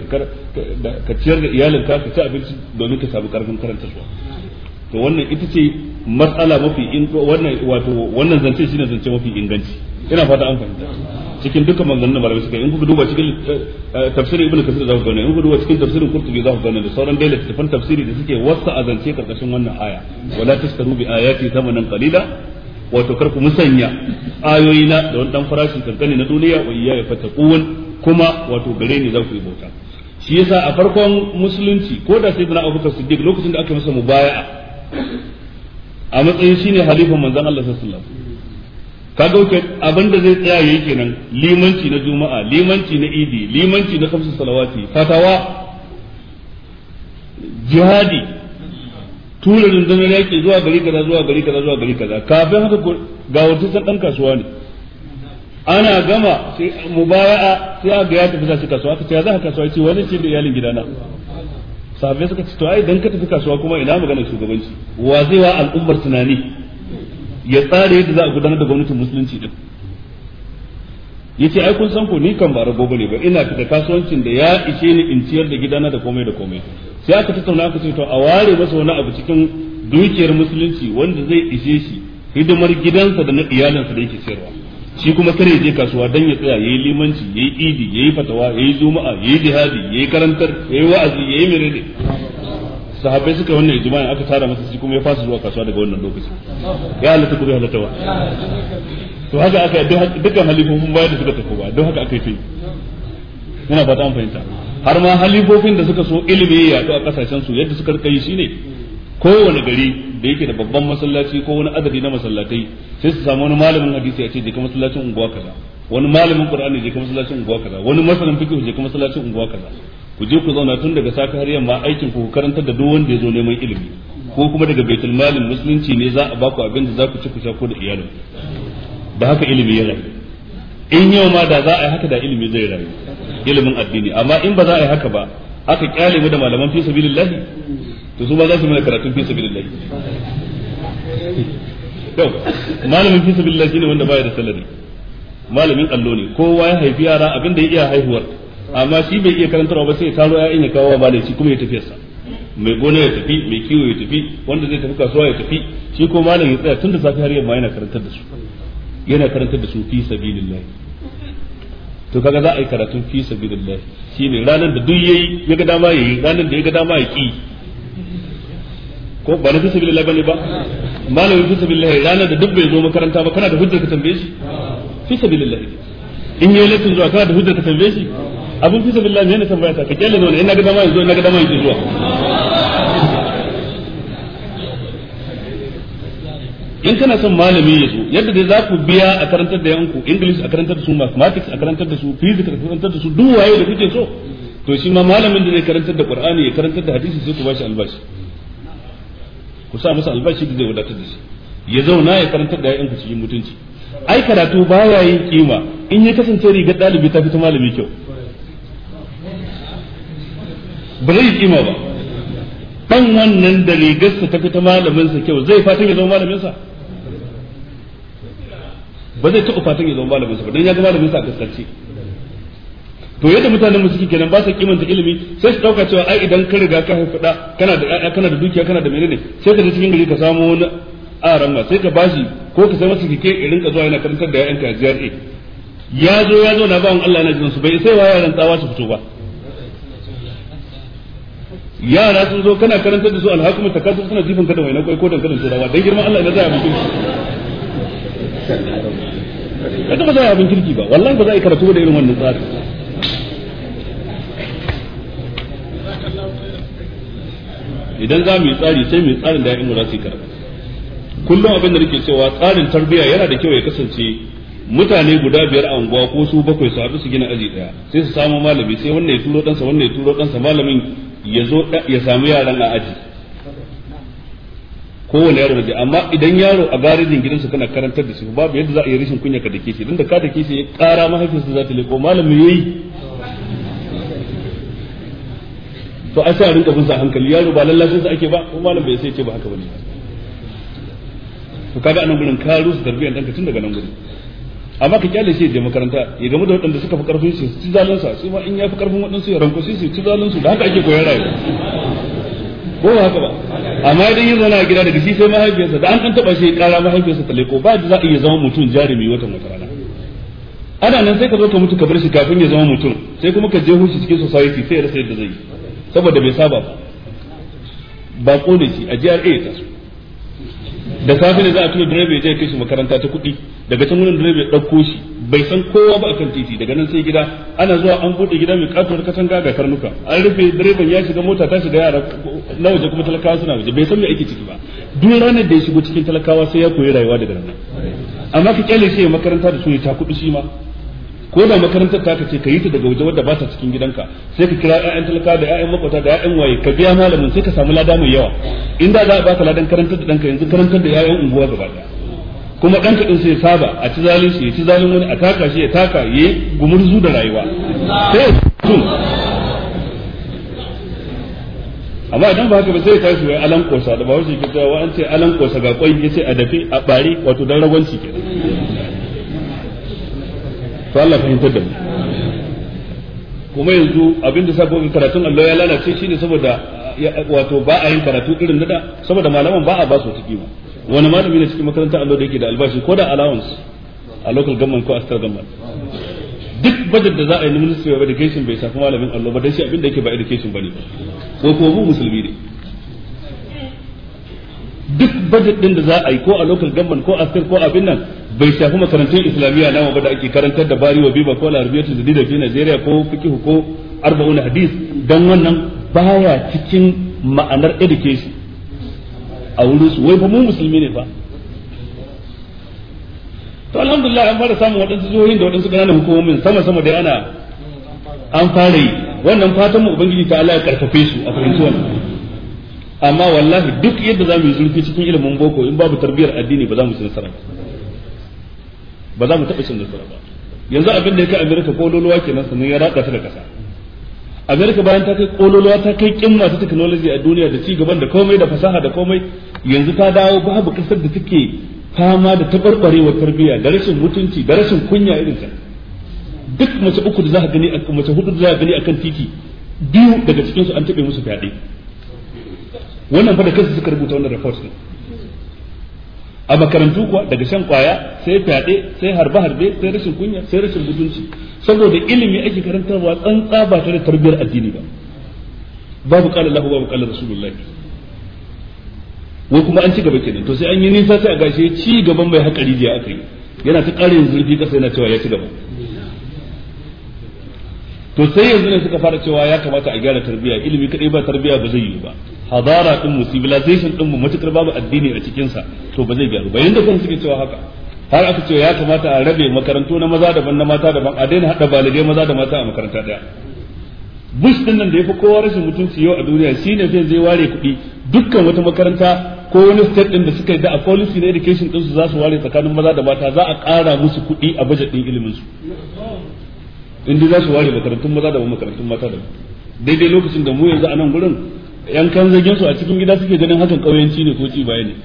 ka ciyar da iyalin ka ka ci abinci domin ka samu karfin karanta su to wannan ita ce matsala mafi in wannan wato wannan zance shine zance mafi inganci ina fata an fahimta cikin dukkan maganganun malamai suka in kuka duba cikin eh, eh, tafsirin ibnu kasir za ku gane in kuka duba cikin tafsirin qurtubi za ku gane da sauran dalil tafan tafsiri da suke wasa azance karkashin wannan aya wala tastaru bi ayati thamanan qalila wato kar ku musanya na da wani dan farashin kankani na duniya wa iyaya fatakun kuma wato gare ni za ku yi bauta shi yasa a farkon musulunci ko da sai na abubakar siddiq lokacin da aka masa mubaya'a a matsayin shine halifan manzon Allah sallallahu alaihi wasallam ga wuce abin da zai tsaya yi kenan limanci na juma'a limanci na idi limanci na kamsu salawati fatawa jihadi tura rundunar yaki zuwa gari kaza zuwa gari kaza zuwa gari kaza kafin haka ga san dan kasuwa ne ana gama sai mubaya'a sai a ya tafi za shi kasuwa ka ce za ka kasuwa ce wani ce da iyalin gidana sahabbai suka ce to ai dan ka tafi kasuwa kuma ina magana shugabanci wa zai wa al'ummar tunani ya tsara yadda za a gudanar da gwamnatin musulunci din ya ce ai kun san ko ni kan ba rago bane ba ina fita kasuwancin da ya ishe ni in ciyar da gidana da komai da komai sai aka tattauna aka ce to a ware masa wani abu cikin dukiyar musulunci wanda zai ishe shi hidimar gidansa da na iyalinsa da yake ciyarwa shi kuma kare je kasuwa dan ya tsaya yayi limanci yayi idi yayi fatawa yayi juma'a yayi jihadi yayi karantar yayi wa'azi yayi menene sahabbai suka wannan ijma'in aka tara masa shi kuma ya fasa zuwa kasuwa daga wannan lokaci. ya halatta kuma ya halatta ba to haka aka dukkan halifofin bayan da suka tafi ba don haka aka yi ina ba ta an fahimta har ma halifofin da suka so ilimi ya to a kasashen su yadda suka rika yi shine kowane gari da yake da babban masallaci ko wani adadi na masallatai sai su samu wani malamin hadisi a ce je ka masallacin unguwa kaza wani malamin qur'ani je ka masallacin unguwa kaza wani masallacin fiqh je ka masallacin unguwa kaza ku je ku zauna tun daga safe har yamma aikin ku karantar da duk wanda ya zo neman ilimi ko kuma daga baitul malin musulunci ne za a ba ku abin da za ku ci ku sha ko da iyalin da haka ilimi ya rayu in yau ma da za a yi haka da ilimi zai rayu ilimin addini amma in ba za a yi haka ba aka kyale mu da malaman fi sabilillahi to su ba za su mana karatun fi sabilillahi to malamin fi sabilillahi ne wanda baya da salari malamin allo ne kowa ya haifi yara abin da ya iya haihuwar amma shi bai iya karantarwa ba sai ya taro ƴaƴan ya kawo ba da shi kuma ya tafi sa mai gona ya tafi mai kiwo ya tafi wanda zai tafi kasuwa ya tafi shi ko malam ya tsaya tun da safe har yamma yana karantar da su yana karantar da su fi sabilillah to kaga za a yi karatun fi sabilillah shine ranar da duk yayi ya ga dama yayi ranar da ya ga dama ya ko ba na fi sabilillah bane ba malamin fi sabilillah ranar da duk bai zo makaranta ba kana da hujjar ka tambaye shi fi sabilillah in yayi latin zuwa kana da hujjar ka tambaye shi abin fi sabilillah ne na tambaya ta ka kyale ne wannan ina ga dama yanzu ina ga dama yanzu zuwa in kana son malami ya zo yadda dai za ku biya a karantar da yanku english a karantar da su mathematics a karantar da su physics a karantar da su duk waye da kuke so to shi ma malamin da zai karantar da qur'ani ya karantar da hadisi sai ku bashi albashi ku sa masa albashi da zai wadatar da shi ya zauna ya karantar da yanku cikin mutunci ai karatu baya yin kima in ya kasance rigar dalibi ta fita malami kyau ba zai kima ba dan wannan da rigarsa ta fita malamin sa kyau zai fatan ya zama malamin sa ba zai taɓa fatan ya zama malamin sa ba dan ya ga malamin sa a kasance to yadda mutanen musu kike nan ba sa kimanta ilimi sai su dauka cewa ai idan ka riga ka haifi da kana da ƴaƴa kana da dukiya kana da menene sai ka da cikin gari ka samu wani aran ma sai ka bashi ko ka sai masa kike irin ka zuwa yana karantar da ƴaƴanka a GRA ya zo ya zo na bawan Allah yana jin su bai sai wa yaran tsawa su fito ba yara sun zo kana karantar da su ta kasu suna jifin ka da ko kwai kotan da turawa dan girman Allah ne za a mutum kada ba za a abin kirki ba wallahi ba za a yi karatu da irin wannan tsari idan za mu yi tsari sai mu yi tsarin da ya za su yi karatu kullum abin da nake cewa tsarin tarbiyya yana da kyau ya kasance mutane guda biyar a unguwa ko su bakwai su haɗu su gina aji daya sai su samu malami sai wannan ya turo ɗansa wannan ya turo ɗansa malamin ya zo ya sami yaran a aji kowane yaro da amma idan yaro a garejin gidansu kana karantar da su babu yadda za a yi rashin kunya ka dake shi dan da ka dake shi ya kara mahaifinsa za ta leko malami yayi to a sai a rinka bin sa hankali yaro ba lallashin sa ake ba ko malam bai sai ce ba haka bane to kaga anan gurin ka rusa tarbiyyar danka tun daga nan gurin amma ka kyale shi je makaranta ya gamu da waɗanda suka fi karfin su ci zalunsa su ma in ya fi karfin waɗansu ya ranko su ci zalunsu da haka ake koyar rayuwa ko ba haka ba amma idan yin zauna a gida daga shi sai mahaifiyarsa da an ɗan taɓa shi ƙara mahaifiyarsa ta leko ba za a iya zama mutum jarumi watan wata rana ana nan sai ka zo ka mutu ka bar shi kafin ya zama mutum sai kuma ka je hushi cikin society sai ya rasa yadda zai yi saboda bai saba ba bako ne shi a GRA ya taso da safe ne za a tura direba ya je kai shi makaranta ta kuɗi daga can wani direba ya ɗauko shi bai san kowa ba a kan titi daga nan sai gida ana zuwa an buɗe gida mai katuwar katanga ga karnuka an rufe direban ya shiga mota ta shiga yara na waje kuma talakawa suna waje bai san me ake ciki ba duk ranar da ya shigo cikin talakawa sai ya koyi rayuwa daga nan amma ka kyale shi makaranta da su ta kuɗi shi ma ko da makarantar ta ce ka yi ta daga waje wadda ba ta cikin gidanka sai ka kira ƴaƴan talaka da ƴaƴan makwata da ƴaƴan waye ka biya malamin sai ka samu lada mai yawa in da za a baka ladan karantar da danka yanzu karantar da ƴaƴan unguwa gaba ɗaya kuma ɗanka ɗin sai saba a ci zalin shi ya ci zalin wani a taka shi ya taka ya yi gumurzu da rayuwa sai tun amma idan ba haka ba sai ya tashi wai alan kosa da ba wasu ke cewa an ce alan kosa ga kwai ya ce a dafe a bare wato dan ragwanci kenan to Allah fahimtar da mu kuma yanzu abinda sabon karatun Allah ya lalace shine saboda wato ba a yin karatu irin nada saboda malaman ba a ba su ciki ba wani malami ne cikin makarantar Allah da yake da albashi ko da allowance a local government ko a state government duk budget da za a yi na ministry of education bai shafi malamin Allah ba dan shi abin da yake ba education bane ko kuma mu musulmi ne duk budget din da za a yi ko a local government ko a state ko a binnan bai shafi makarantun islamiyya na ba da ake karantar da bari wa biba ko larabiyatu jadida fi najeriya ko fiqh ko arba'un hadis dan wannan baya cikin ma'anar education a wurin su wai fa mu musulmi ne fa to alhamdulillah an fara samun waɗansu jihohin da waɗansu ganin hukumomin sama sama da ana an fara yi wannan fatan mu ubangiji ta Allah ya karfafe su a fahimci wannan amma wallahi duk yadda za mu yi zurfi cikin ilimin boko in babu tarbiyyar addini ba za mu ci nasara ba za mu taɓa cin nasara ba yanzu abin da ya kai amerika kololuwa nan sannan ya ratsa ta da ƙasa amerika bayan ta kai kololuwa ta kai kin masu technology a duniya da ci gaban da komai da fasaha da komai yanzu ta dawo babu ƙasar da take fama da taɓarɓarewar tarbiyya da rashin mutunci da rashin kunya irin ta duk mace uku da za ka gani mace hudu da za ka gani akan titi biyu daga cikinsu an taɓe musu fyaɗe wannan fa da kansu suka rubuta wannan report ne a makarantu kuwa daga shan kwaya sai fyaɗe sai harbe harbe sai rashin kunya sai rashin mutunci saboda ilimi ake karantarwa tsantsa ba tare da tarbiyyar addini ba babu qala lahu babu qala rasulullahi wai kuma an ci gaba kenan to sai an yi nisa sai a gashi ci gaban mai hakari jiya aka yi yana ta ƙarin zurfi kasa yana cewa ya ci gaba to sai yanzu ne suka fara cewa ya kamata a gyara tarbiyya ilimi kadai ba tarbiyya ba zai yi ba hadara din mu civilization din mu matukar babu addini a cikin sa to ba zai gyaru ba yanda kan suke cewa haka har aka ce ya kamata a rabe makarantu na maza daban na mata daban a daina hada balidai maza da mata a makaranta daya bush din nan da yafi kowa rashin mutunci yau a duniya shine zai zai ware kuɗi dukkan wata makaranta ko wani state din da suka yi da a policy na education din su za su ware tsakanin maza da mata za a ƙara musu kuɗi a budget din ilimin su in dai za su ware makarantun maza da makarantun mata da daidai lokacin da mu yanzu a nan gurin yan kan zagin su a cikin gida suke ganin hakan kauyanci ne ko ci baya ne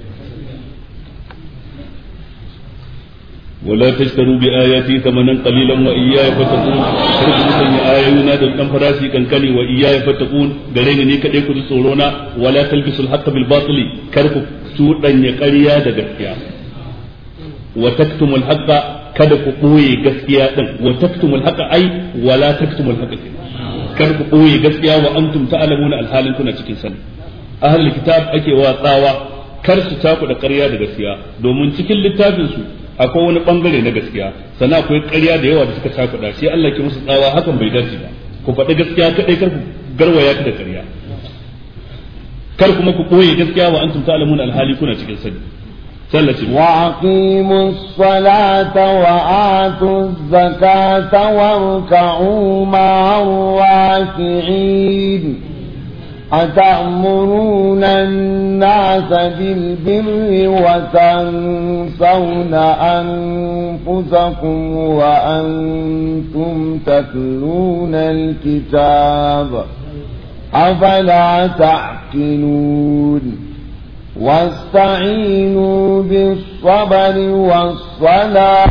ولا تشتروا بآياتي ku قليلا وإياي فتقون كركم سن آيونا دل كان فراسي كان كلي وإياي فتقون غرين ني كدي wala سورونا ولا تلبسوا الحق kar ku سودن ƙarya da gaskiya wa taktumul haqqa kada ku boye gaskiya din wa taktumul haqqa ai wala taktumul haqqa kar ku ɓoye gaskiya wa antum ta'lamuna alhalin kuna cikin sani ahlul kitab ake wa tsawa kar su taku da ƙarya da gaskiya domin cikin littafin su akwai wani bangare na gaskiya sannan akwai ƙarya da yawa da suka takuda shi Allah ke musu tsawa hakan bai dace ba ku faɗi gaskiya kadai kar ku garwaya ta da ƙarya kar kuma ku ɓoye gaskiya wa antum ta'lamuna alhali kuna cikin sani وأقيموا الصلاة وآتوا الزكاة واركعوا مع الراكعين أتأمرون الناس بالبر وتنسون أنفسكم وأنتم تتلون الكتاب أفلا تعقلون واستعينوا بالصبر والصلاة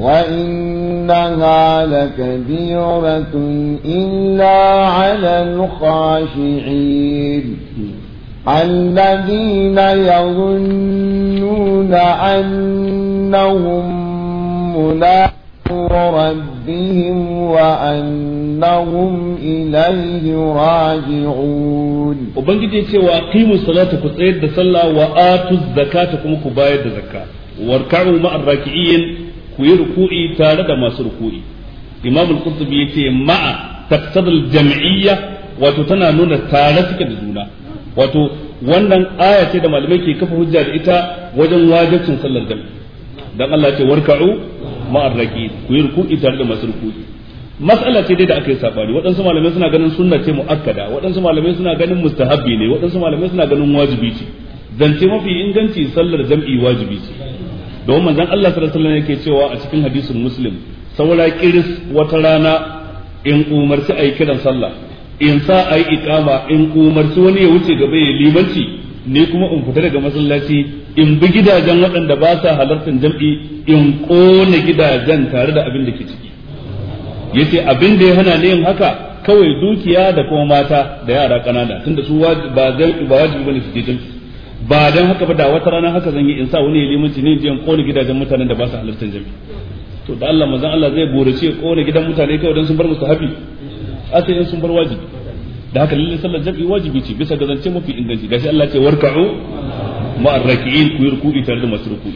وإنها لكبيرة إلا على الخاشعين الذين يظنون أنهم ملاك ربهم وأنهم إليه راجعون وبنجي cewa qimu salata ku tsayar da sallah wa atu zakata kuma ku bayar da zakka warka'u ma'ar raki'in ku ruku'i tare da masu ruku'i imam al-qurtubi yace ma'a taqsad al-jam'iyya wato tana nuna tare suke da juna wato wannan aya ce da malamai ke kafa hujja da ita wajen wajibcin sallar jami'i dan Allah ce warka'u Ma'arraki, ku yi tare da masu ruku'i mas'ala ce dai da aka yi sabani waɗansu malamai suna ganin sunna ce mu'akkada waɗansu malamai suna ganin mustahabbi ne waɗansu malamai suna ganin wajibi ce zance mafi inganci sallar jam'i wajibi ce domin manzon Allah sallallahu alaihi yake cewa a cikin hadisin muslim saura kiris wata rana in umarci a yi kiran sallah in sa a yi ikama in umarci wani ya wuce gaba ya limanci ni kuma in fita daga masallaci in bi gidajen waɗanda ba sa halartar jam'i in ƙone gidajen tare da abin da ke ciki ce abin da ya hana ne yin haka kawai dukiya da kuma mata da yara ƙanana da su ba wajibi ne su je jam'i ba don haka ba da wata rana haka zan yi in sa wani ya limanci ne in ƙone gidajen mutanen da ba sa halartar jam'i to da Allah mazan Allah zai borace ƙone gidan mutane kawai don sun bar musu hafi asai sun bar wajibi da haka lallai sallar jam'i wajibi ce bisa ga zance mafi inganci gashi Allah ce warka'u ma'arraki'in ku yi ruku'i tare da masu ruku'i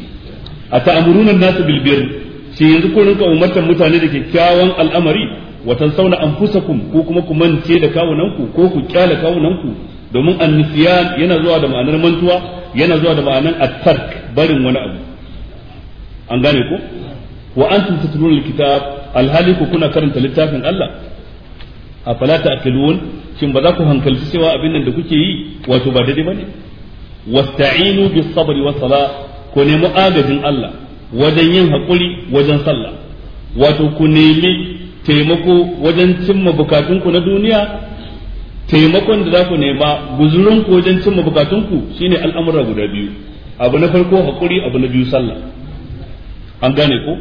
a ta'amuruna nasu bil shi yanzu ku rinka umartar mutane da kyakkyawan al'amari wa tansawna anfusakum ko kuma ku mance da kawunanku ko ku kyale kawunanku domin annisiyan yana zuwa da ma'anar mantuwa yana zuwa da ma'anar attar barin wani abu an gane ku. wa antum tatluna alhali ku kuna karanta littafin Allah afala ta'qilun shin ba za ku hankalci cewa abin nan da kuke yi wato ba daidai bane wasta'inu bis sabri was sala ku nemi agajin Allah wajen yin hakuri wajen sallah wato ku nemi taimako wajen cimma bukatun ku na duniya taimakon da za ku nema ku wajen cimma bukatun ku shine al'amura guda biyu abu na farko hakuri abu na biyu sallah an gane ko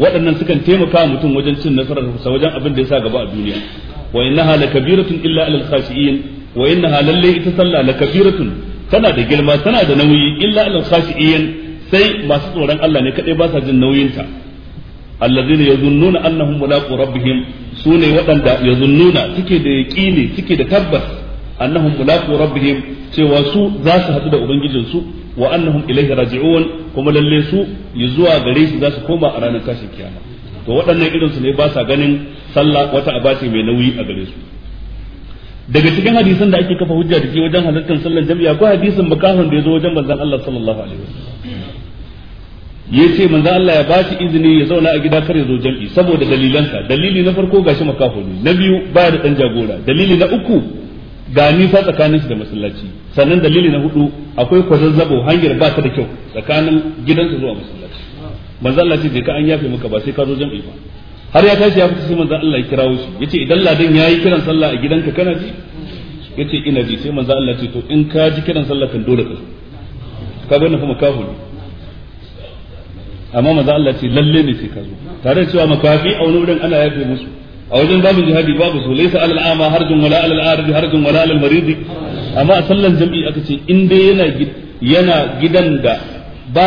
waɗannan sukan taimaka mutum wajen cin nasarar sa wajen abin da ya sa gaba a duniya wa innaha lakabiratun illa alal khashiyin wa innaha lalle ita sallah lakabiratun tana da girma tana da nauyi illa al khashiyin sai masu tsoron Allah ne kadai ba sa jin ta allazina yazunnuna annahum mulaqu rabbihim sune waɗanda yazunnuna suke da yaqini suke da tabbas annahum mulaqu rabbihim cewa su za su haɗu da ubangijinsu wa annahum ilayhi raji'un kuma lalle su zuwa gare shi za su koma a ranar kashin kiyama to waɗannan su ne ba sa ganin sallah wata abace mai nauyi a gare su daga cikin hadisan da ake kafa hujja da shi wajen halartar sallar jami'a ko hadisin bukahun da ya zo wajen manzon Allah sallallahu alaihi wasallam ce manzon Allah ya ba shi izini ya zauna a gida kar ya zo jami'i saboda dalilansa dalili na farko gashi shi ne na biyu baya da dan jagora dalili na uku ga nisa tsakanin shi da masallaci sannan dalili na hudu akwai kwazazzabo hanyar ba ta da kyau tsakanin gidansa zuwa masallaci manzon Allah ce je ka an yafe maka ba sai ka zo jami'i ba har ya tashi ya fita sai manzon Allah ya kirawo shi yace idan ladan yayi kiran sallah a gidanka kana ji yace ina ji sai manzon Allah ya ce to in ka ji kiran sallah kan dole ka ka ga wannan kuma kafu ne amma manzon Allah ya ce lalle ne sai ka zo tare da cewa makafi a wani wurin ana yafe musu a wajen babin jihadi babu su laysa alal ama harjun wala alal ardi harjun wala alal maridi amma a sallan jami'i aka ce in dai yana yana gidan da ba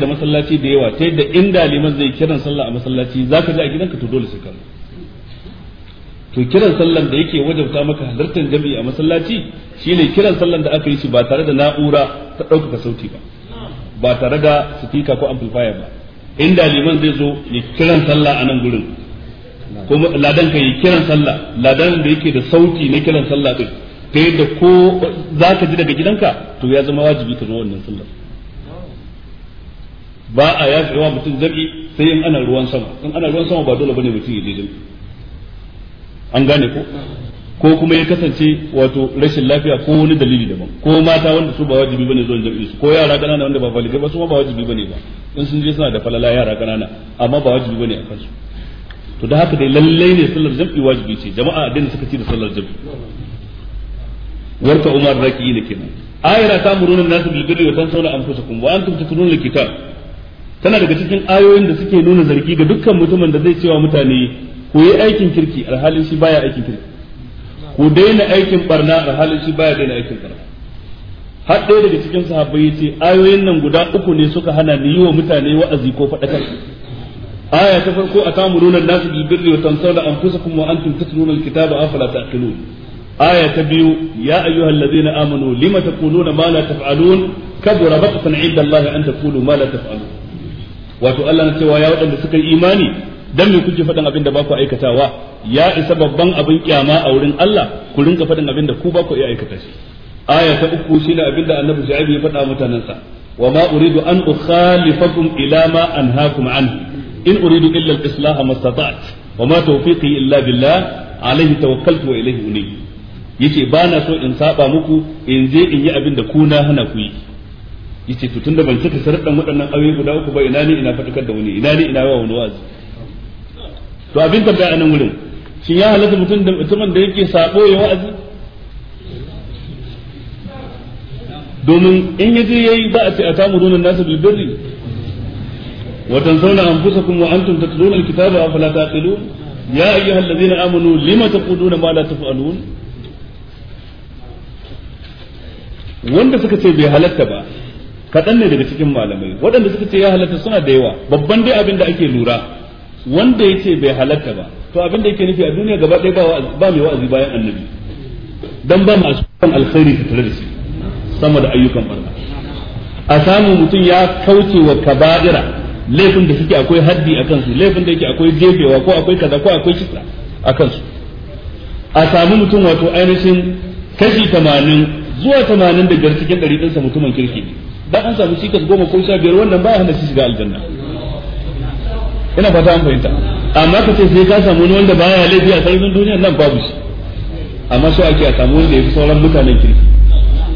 da masallaci da yawa ta yadda in daliman zai kiran sallah a masallaci za ka a gidanka to dole sai ka to kiran sallan da yake wajabta maka halartar jami'i a masallaci shine kiran sallan da aka yi shi ba tare da na'ura ta ɗaukaka sauti ba ba tare da sifika ko amplifier ba inda daliman zai zo ya kiran sallah a nan gurin kuma ladan ka yi kiran sallah ladan da yake da sauti na kiran sallah din ta yadda ko za ka ji daga gidanka to ya zama wajibi ka zo wannan sallar ba a yafe wa mutum zabi sai in ana ruwan sama in ana ruwan sama ba dole bane mutum ya je jami'i an gane ko ko kuma ya kasance wato rashin lafiya ko wani dalili daban ko mata wanda su ba wajibi bane zuwa jami'i su ko yara kanana wanda ba baligai ba su ba wajibi bane ba in sun je suna da falala yara kanana amma ba wajibi bane a kansu to da haka dai lallai ne sallar jam'i wajibi ce jama'a addini suka ci da sallar jam'i. warka umar raki ne kenan ayra ta an nasu bil birri wa tansawna anfusakum wa antum tatluna al-kitab tana daga cikin ayoyin da suke nuna zargi ga dukkan mutumin da zai cewa mutane ku yi aikin kirki alhalin shi baya aikin kirki ku daina aikin barna alhalin shi baya daina aikin barna har ɗaya daga cikin sahabbai ce ayoyin nan guda uku ne suka hana ni yi wa mutane wa'azi ko faɗakar aya ta farko atamuruna nasu bil birri wa tansawna anfusakum wa antum tatluna alkitaba afala taqilun aya ta biyu ya ayyuhallazina amanu lima taquluna ma la taf'alun kabura maqtan 'inda allahi an taqulu ma la taf'alun wato Allah na cewa ya waɗanda suka yi imani dan me kuke faɗin abin da ba ku aikatawa ya isa babban abin kyama a wurin Allah ku rinka faɗin abin da ku ba ku iya aikata shi aya ta uku shine abin da Annabi Shu'aib ya faɗa mutanansa wa ma uridu an ukhalifakum ila ma anhaakum anhu in uridu illa al-islah ma istata'at wa ma tawfiqi illa billah alayhi tawakkaltu wa ilayhi unib yace ba na so in saba muku in je in yi abin da ku na hana ku yi yace to tunda ban cika sharuɗan waɗannan ayoyi guda uku ba ina ne ina faɗakar da wani ina ne ina yawa wani wa'azi to abin tambaya a nan wurin shin ya halatta mutum da mutumin da yake sabo ya wa'azi domin in ya je yayi ba a ce a tamu nuna nasu bilbirri wa tansawna anfusakum wa antum tatluna alkitaba afala taqilun ya ayyuhal ladzina amanu lima taquluna ma la taf'alun wanda suka ce bai halatta ba kaɗan ne daga cikin malamai waɗanda suka ce ya halatta suna da yawa babban dai abin da ake lura wanda ya ce bai halatta ba to abin da yake nufi a duniya gaba ɗaya ba mai wa'azi bayan annabi dan ba masu alkhairi ta tare da shi sama da ayyukan barna a samu mutum ya kauce wa kaba'ira laifin da suke akwai haddi a kansu laifin da yake akwai jefewa ko akwai kaza ko akwai kisa a kansu a samu mutum wato ainihin kashi tamanin zuwa tamanin da biyar cikin ɗari ɗinsa mutumin kirki ne dan an samu cikas goma ko sha biyar wannan baya hana shiga aljanna ina fata an fahimta amma ka ce sai ka samu wani wanda baya laifi a sararin nan babu shi amma so ake a samu wanda fi sauran mutanen kirki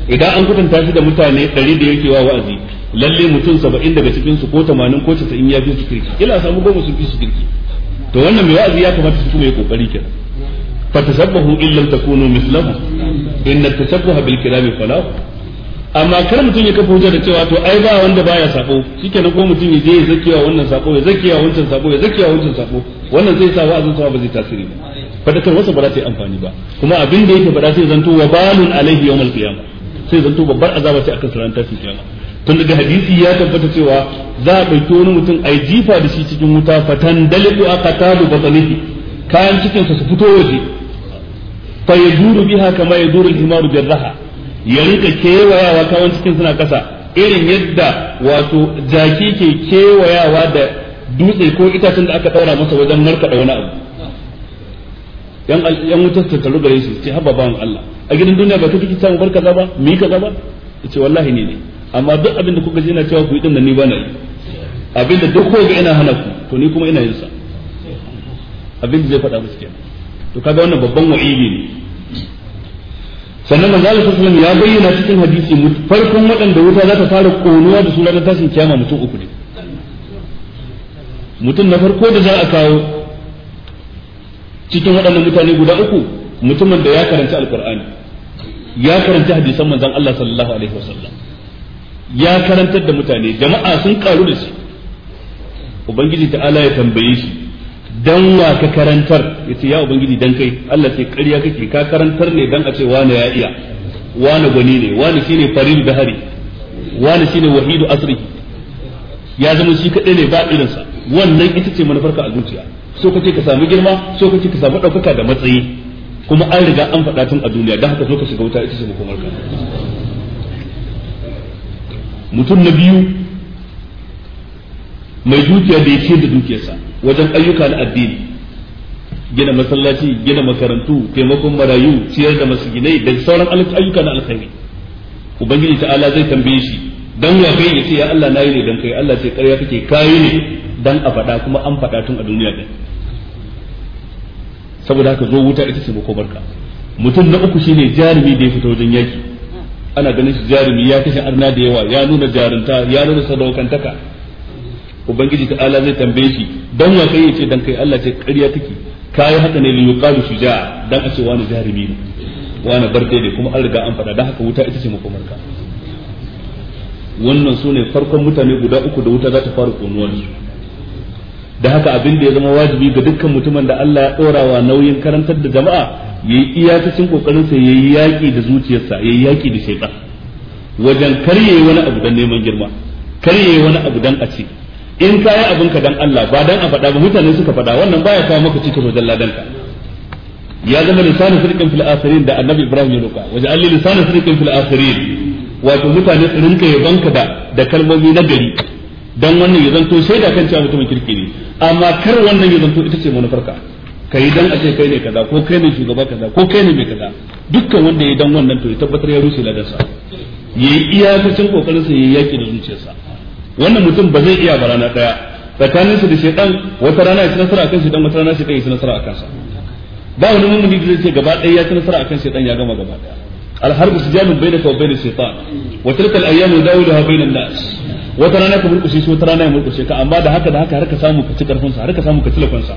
idan an shi da mutane ɗari da yake wa wa'azi lalle mutum saba'in daga cikin su ko ko ya fi su kirki ila samu goma sun fi su kirki to wannan mai wa'azi ya kamata su kuma ya kokari kenan fatasabbahu in lam takunu mislahu in tasabbaha bil falahu amma kar mutum ya kafa hujja da cewa to ai ba wanda baya sako shikenan ko mutum ya je ya zakiya wannan sako ya zakiya wancan sako ya zakiya wancan sako wannan zai sa wa'azin sa ba zai tasiri ba fadakar wasa ba za ta yi amfani ba kuma abin da yake faɗa sai zanto wa balun alaihi yawmal qiyamah sai zanto babbar azaba ce akan sanar tashin kiyama tun daga hadisi ya tabbata cewa za a ɗauki wani mutum a jifa da shi cikin wuta fatan dalilu a qatalu batnihi kayan cikin sa su fito waje fa yaduru biha kama yaduru al-himaru raha. ya rika kewayawa wani cikin suna kasa irin yadda wato jaki ke kewayawa da dutse ko itacen da aka daura masa wajen markaɗa wani abu yan yan wutar ta karu gare shi ce haba bawan Allah a gidan duniya ba ta kike samu barka za ba mu yi kaza ba ce wallahi ne ne amma duk abin da kuka ji ina cewa ku yi din ni ba na yi abin da duk kowa ina hana ku to ni kuma ina yin sa abin da zai faɗa musu kenan to kaga wannan babban wa'idi ne sannan manzo Allah sallallahu ya bayyana cikin hadisi farkon waɗanda wuta za ta fara konuwa da su ranar tashin kiyama mutum uku ne mutum na farko da za a kawo cikin waɗannan mutane guda uku mutumin da ya karanci alkur'ani ya karanci hadisan manzon Allah sallallahu alaihi wasallam ya karantar da mutane jama'a sun karu da shi ubangiji ta'ala ya tambaye shi dan wa ka karantar yace ya ubangiji dan kai Allah sai ƙarya kake ka karantar ne dan a ce wani ya iya wani gwani ne wani shine faril bahari wani shine wahidu asri ya zama shi kadai ne ba irin sa wannan ita ce ka a zuciya so kace ka samu girma so kace ka samu daukaka da matsayi kuma an riga an faɗa tun a duniya dan haka so ka shiga wuta ita ce ka mutum na biyu mai dukiya da ya da dukiyarsa wajen ayyuka na addini gina masallaci gina makarantu taimakon marayu ciyar da masiginai, da sauran ayyuka na alkhairi ubangiji ta'ala zai tambaye shi dan ya kai ya ce ya Allah nayi ne dan kai Allah sai ƙarya kake kayi ne dan a faɗa kuma an faɗa tun a duniya din saboda haka zo wuta ita ce makomarka mutum na uku shine jarumi da ya fita wajen yaki ana ganin shi jarumi ya kashe arna da yawa ya nuna jarunta ya nuna sadaukantaka ubangiji ta'ala zai tambaye shi dan wa kai yace dan kai Allah ce ƙarya take kai haka ne liyuqalu shuja'a dan a ce wani jarumi ne wani barde ne kuma an riga an faɗa dan haka wuta ita ce makomarka wannan sune farkon mutane guda uku da wuta za ta fara konuwar su da haka abin da ya zama wajibi ga dukkan mutumin da Allah ya wa nauyin karantar da jama'a yayi iyakacin kokarin sa yayi yaki da zuciyarsa yayi yaki da shaytan wajen karye wani abu dan neman girma karye wani abu dan a ce in yi abin ka dan Allah ba dan a faɗa ba mutane suka faɗa wannan baya kawo maka cikin wajen ladan ka ya zama lisanu sirqin fil akhirin da annabi ibrahim ya roka waje alli lisanu sirqin fil akhirin wato mutane su rinka ka da da kalmomi na gari dan wannan ya zanto shaida kan cewa mutumin kirki ne amma kar wannan ya zanto ita ce munafarka kai dan a ce kai ne kaza ko kai ne shugaba kaza ko kai ne mai kaza dukkan wanda ya dan wannan to ya tabbatar ya rushe ladansa yayi iyakacin kokarin sa yayi yaki da zuciyarsa wannan mutum ba zai iya ba rana daya tsakanin su da shaytan wata rana ya ci nasara akan shaytan wata rana shaytan ya ci nasara akan sa ba wani mummuni da zai ce gaba daya ya ci nasara akan ya gama gaba daya الحرب سجال بينك وبين الشيطان وتلك الايام نداولها بين الناس wata rana ka murkushe shi wata rana ya murkushe ka amma da haka da haka har ka samu ka ci karfin har ka samu ka ci lafin sa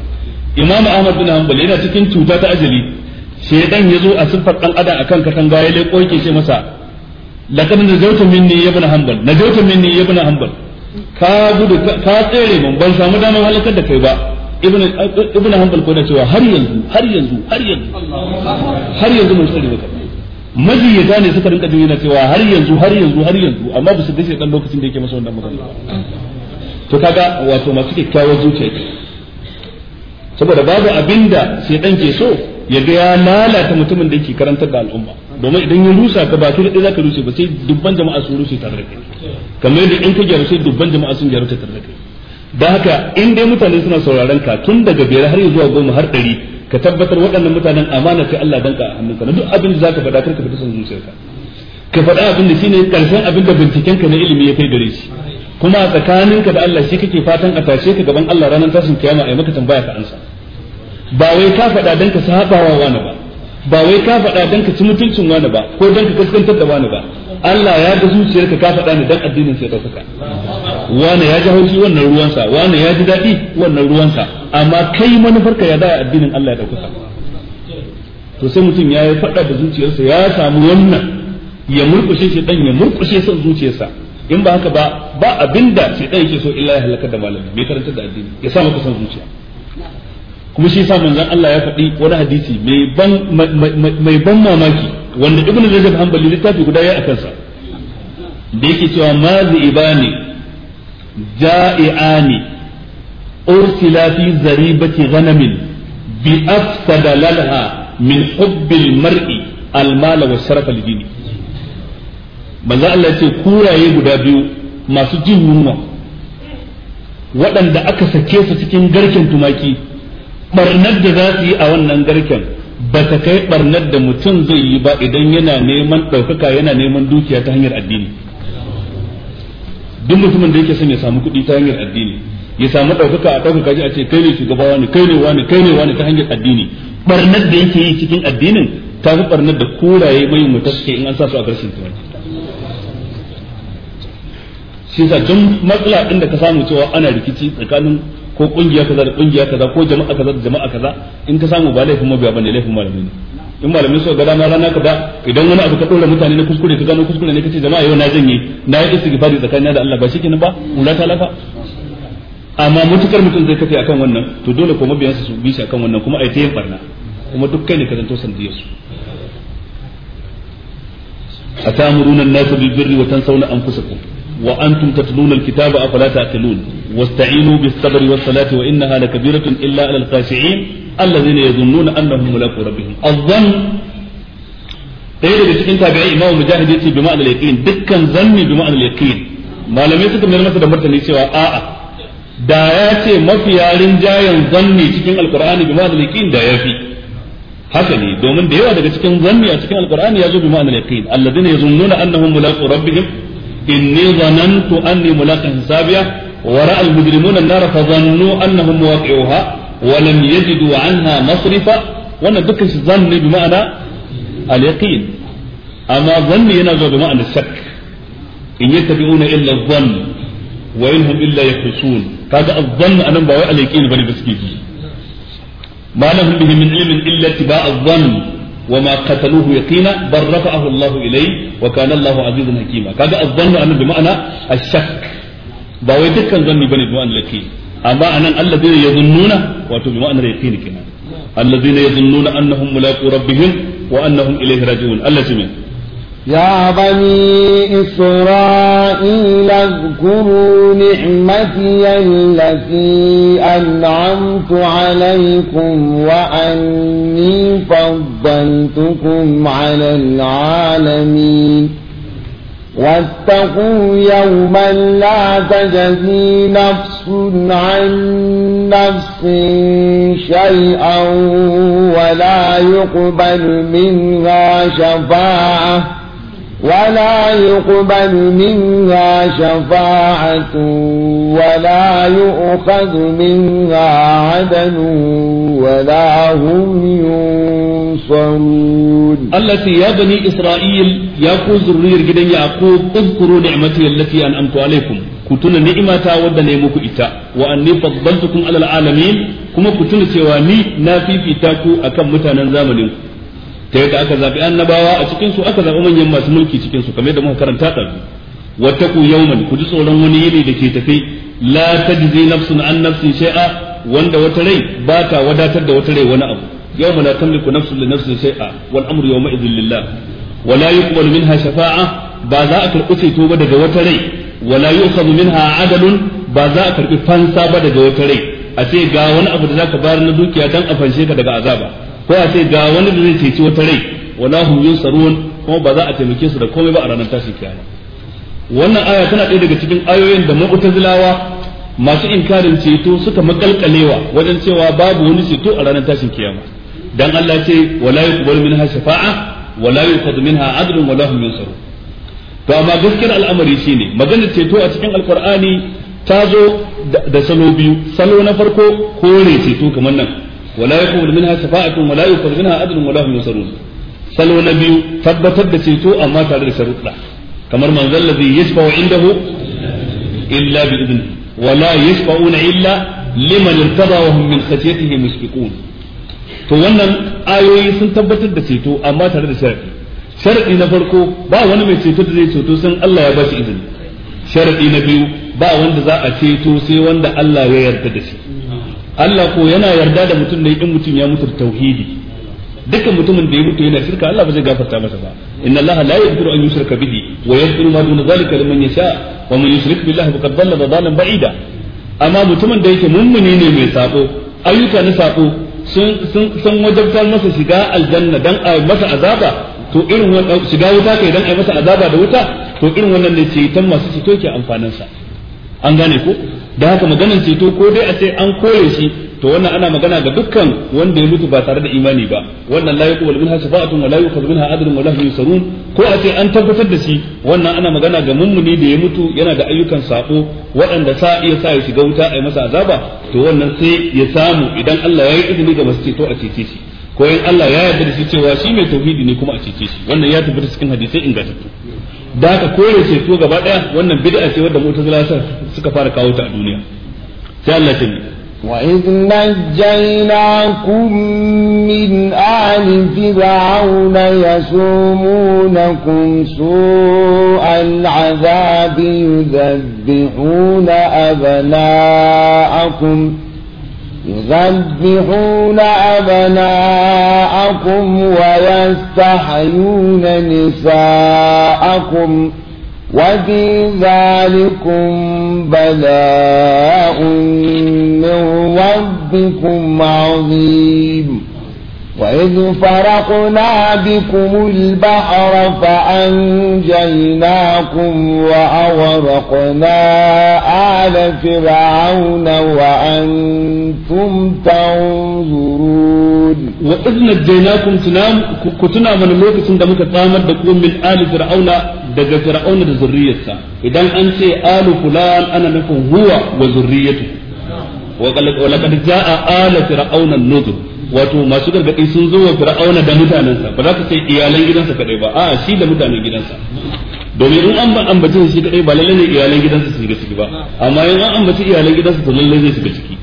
ahmad bin hanbal yana cikin cuta ta ajali shedan ya a siffar dan adam akan katanga ya leko yake ce masa laqad ya ka gudu ka tsere mun ban samu damar halakar da kai ba ibn ibn hanbal ko na cewa har yanzu har yanzu har yanzu har yanzu mun tsere maji ya gane suka rinka jin yana cewa har yanzu har yanzu har yanzu amma ba su gashi dan lokacin da yake masa wannan magana to kaga wato masu kyakkyawar zuciya saboda babu abinda dan ke so ya ga ya lalata mutumin da yake karantar da al'umma domin idan ya rusa ka ba kai da ka rushe ba sai dubban jama'a sun rushe tare da kai kamar yadda in ka gyaru sai dubban jama'a sun gyaru tare da kai da haka in dai mutane suna sauraron ka tun daga biyar har zuwa goma har ɗari ka tabbatar waɗannan mutanen amana sai Allah danka a hannunka na duk abin da ka faɗa kar ka fita son zuciyarka ka faɗa abin da shine karshen abin da binciken ka na ilimi ya kai gare shi kuma tsakaninka da Allah shi kake fatan a tashe ka gaban Allah ranar tashin kiyama ai maka tambaya ka ansa ba wai ka faɗa dan ka wa wani ba ba wai ka faɗa dan ka ci mutuncin wani ba ko dan ka kaskantar da wani ba Allah ya ga zuciyarka ka faɗa ne dan addinin sai ka saka wani ya ji haushi wannan ruwansa wani ya ji daɗi wannan ruwansa amma kai manufarka ya da addinin Allah ya dauka to sai mutum ya yi faɗa da zuciyarsa ya samu wannan ya murkushe shi dan ya murkushe son zuciyarsa in ba haka ba ba abinda shi dan yake so illa ya halaka da malami mai karantar da addini ya sa maka son zuciya kuma shi yasa manzon Allah ya faɗi wani hadisi mai ban mai ban mamaki wanda ibnu rajab hanbali littafi guda ya akan sa da yake cewa mazibani ja'iani ursila fi zaribati ghanamin bi afsada lalha min hubbil mar'i almala wa sharafa lidini manzo Allah ce kuraye guda biyu masu jin yunwa waɗanda aka sake su cikin garken tumaki barnar da za su yi a wannan garken ba ta kai barnar da mutum zai yi ba idan yana neman ɗaukaka yana neman dukiya ta hanyar addini duk mutumin da yake son ya samu kuɗi ta hanyar addini ya samu ɗaukaka a ɗaukaka shi a ce kai ne shugaba wani kai ne wani kai ne wani ta hanyar addini barnar da yake yi cikin addinin ta fi barnar da koraye mai ke in an sa su a karshen tuwai shi sa don matsala ɗin da ka samu cewa ana rikici tsakanin ko kungiya kaza da kungiya kaza ko jama'a kaza da jama'a kaza in ka samu ba laifin mabiya bane laifin malami ne in malami so ga dama rana kaza idan wani abu ka dora mutane na kuskure ka gano kuskure ne kace jama'a yau na janye na yi istighfari tsakanina da Allah ba shikenan ba mula talaka amma mutukar mutum zai kafe akan wannan to dole ko mabiyansa su bi shi akan wannan kuma ai ta yin barna kuma duk kai ne ka zanto sandiyar su atamuruna an-nasa bil birri wa tansawna anfusakum وأنتم تتلون الكتاب أفلا تعقلون واستعينوا بالصبر والصلاة وإنها لكبيرة إلا على الخاشعين الذين يظنون أنهم ملاقو ربهم الظن تيجي تكون تابعي إمام مجاهد يأتي بمعنى اليقين دكا ظني بمعنى اليقين ما لم يسك من المسجد مرة سوى وآآ دا ياتي ما في عالم ظني تكون القرآن بمعنى اليقين دا يفي haka ne domin da yawa daga cikin zanni a cikin alkur'ani ya zo bi ma'anar yaqin inni zanantu anni mulaqin hisabiya wa ra'a al-mujrimuna an-nar fa dhannu annahum muwaqi'uha wa lam yajidu 'anha masrifa wannan dukkan shi zanni bi ma'ana al-yaqin amma zanni yana zuwa bi ma'ana shakk in yattabi'una illa dhann wa inhum illa yakhrusun kaga az-zann anan ba wai min وما قتلوه يقينا بل رفعه الله إليه وكان الله عزيزا حكيما كذا الظن أن بمعنى الشك باوي دكان ظني بني بمعنى اليقين أما أن الذين يظنون واتو بمعنى اليقين كنا الذين يظنون أنهم ملاقو ربهم وأنهم إليه راجعون الله سمين يا بني إسرائيل اذكروا نعمتي التي أنعمت عليكم وأني فضلتكم على العالمين واتقوا يوما لا تجزي نفس عن نفس شيئا ولا يقبل منها شفاعه ولا يقبل منها شفاعة ولا يؤخذ منها عدن ولا هم ينصرون التي يا بني إسرائيل يا كوزرير جدا يعقوب اذكروا نعمتي التي أنأمت عليكم كنتنا نعمة ودنيمك إتاء وأني فضلتكم على العالمين كما كنتنا سواني نافي في تاكو أكم متانا زامنكم ta yadda aka zaɓi annabawa a cikin su aka zaɓi manyan masu mulki cikin su kamar da muka karanta da wattaku yawman ku ji tsoron wani yini da ke tafi la tajzi nafsun an nafsin shay'a wanda wata rai ba ta wadatar da wata rai wani abu yawma la tamliku nafsun li nafsin shay'a wal amru yawma idhil lillah wala yuqbalu minha shafa'a ba za a karɓi ceto ba daga wata rai wala yuqbalu minha adalun ba za a karɓi fansa ba daga wata rai a ce ga wani abu da zaka bayar na dukiya dan a fanshe ka daga azaba ko a ce ga wani da zai ceci wata rai wala hum yunsarun kuma ba za a taimake su da komai ba a ranar tashin kiyama wannan aya tana ɗaya daga cikin ayoyin da mu'tazilawa masu inkarin ceto suka makalkalewa wajen cewa babu wani ceto a ranar tashin kiyama dan Allah ce wala yuqbalu minha shafa'a wala yuqadu minha adlun wala hum yunsarun to amma gaskiyar al'amari shine maganar ceto a cikin alqur'ani ta zo da salo biyu salo na farko kore ceto kamar nan wala yaqbal minha shafa'atun wala yuqbal minha adlun wala hum yusarun salo na biyu tabbatar da ceto amma tare da sharuɗa kamar manzon ladhi yashfa'u indahu illa bi idni wala yashfa'una illa liman irtada wa to wannan ayoyi sun tabbatar da ceto amma tare da sharadi sharadi na farko ba wani mai ceto da zai ceto sun Allah ya ba shi izini sharadi na biyu ba wanda za a ceto sai wanda Allah ya yarda da shi Allah ko yana yarda da mutum ne in mutum ya mutu tauhidi dukkan mutumin da ya mutu yana shirka Allah ba zai gafarta masa ba inna Allah la yaghfiru an yushraka bihi wa yaghfiru ma duna zalika liman yasha wa man yushrik billahi faqad dhalla dhalalan ba'ida amma mutumin da yake mummuni ne mai sako ayyuka na sako sun sun wajabtar masa shiga aljanna dan a masa azaba to irin wannan shiga wuta kai dan a masa azaba da wuta to irin wannan ne ce tan masu cito ke amfanin sa an gane ko da haka maganan ceto ko dai a ce an koye shi to wannan ana magana ga dukkan wanda ya mutu ba tare da imani ba wannan la yuqbal minha shafa'atun wa la yuqul minha adrun wa la yusarun ko a ce an tabbatar da shi wannan ana magana ga mummuni da ya mutu yana da ayyukan sako waɗanda sa iya sa ya shiga wuta a yi masa azaba to wannan sai ya samu idan Allah ya yi izini ga masu ceto a cece shi ko in Allah ya yarda da shi cewa shi mai tauhidi ne kuma a cece shi wannan ya tabbata cikin hadisai ingantattu da aka kore ceto gaba daya wannan bid'a ce wadda mu'tazila suka fara kawo ta a duniya sai Allah ta yi وإذ نجيناكم من آل فرعون يسومونكم سوء العذاب يذبحون أبناءكم يذبحون أبناءكم ويستحيون نساءكم وفي ذلكم بلاء من ربكم عظيم وإذ فرقنا بكم البحر فأنجيناكم وأورقنا آل فرعون وأنتم تنظرون وإذ نجيناكم تنام كتنا من ملك سندمك تامر بكم من آل فرعون daga fir'auna da zurriyarsa idan an ce alu fulan ana nufin huwa wa zurriyatu wa laqad jaa ala fir'auna an-nuzur wato masu gargadi sun zo wa fir'auna da mutanensa ba za ka ce iyalan gidansa kadai ba a'a shi da mutanen gidansa domin in an ambaci shi kadai ba lallai ne iyalan gidansa su shiga ciki ba amma in an ambaci iyalan gidansa to lalle zai shiga ciki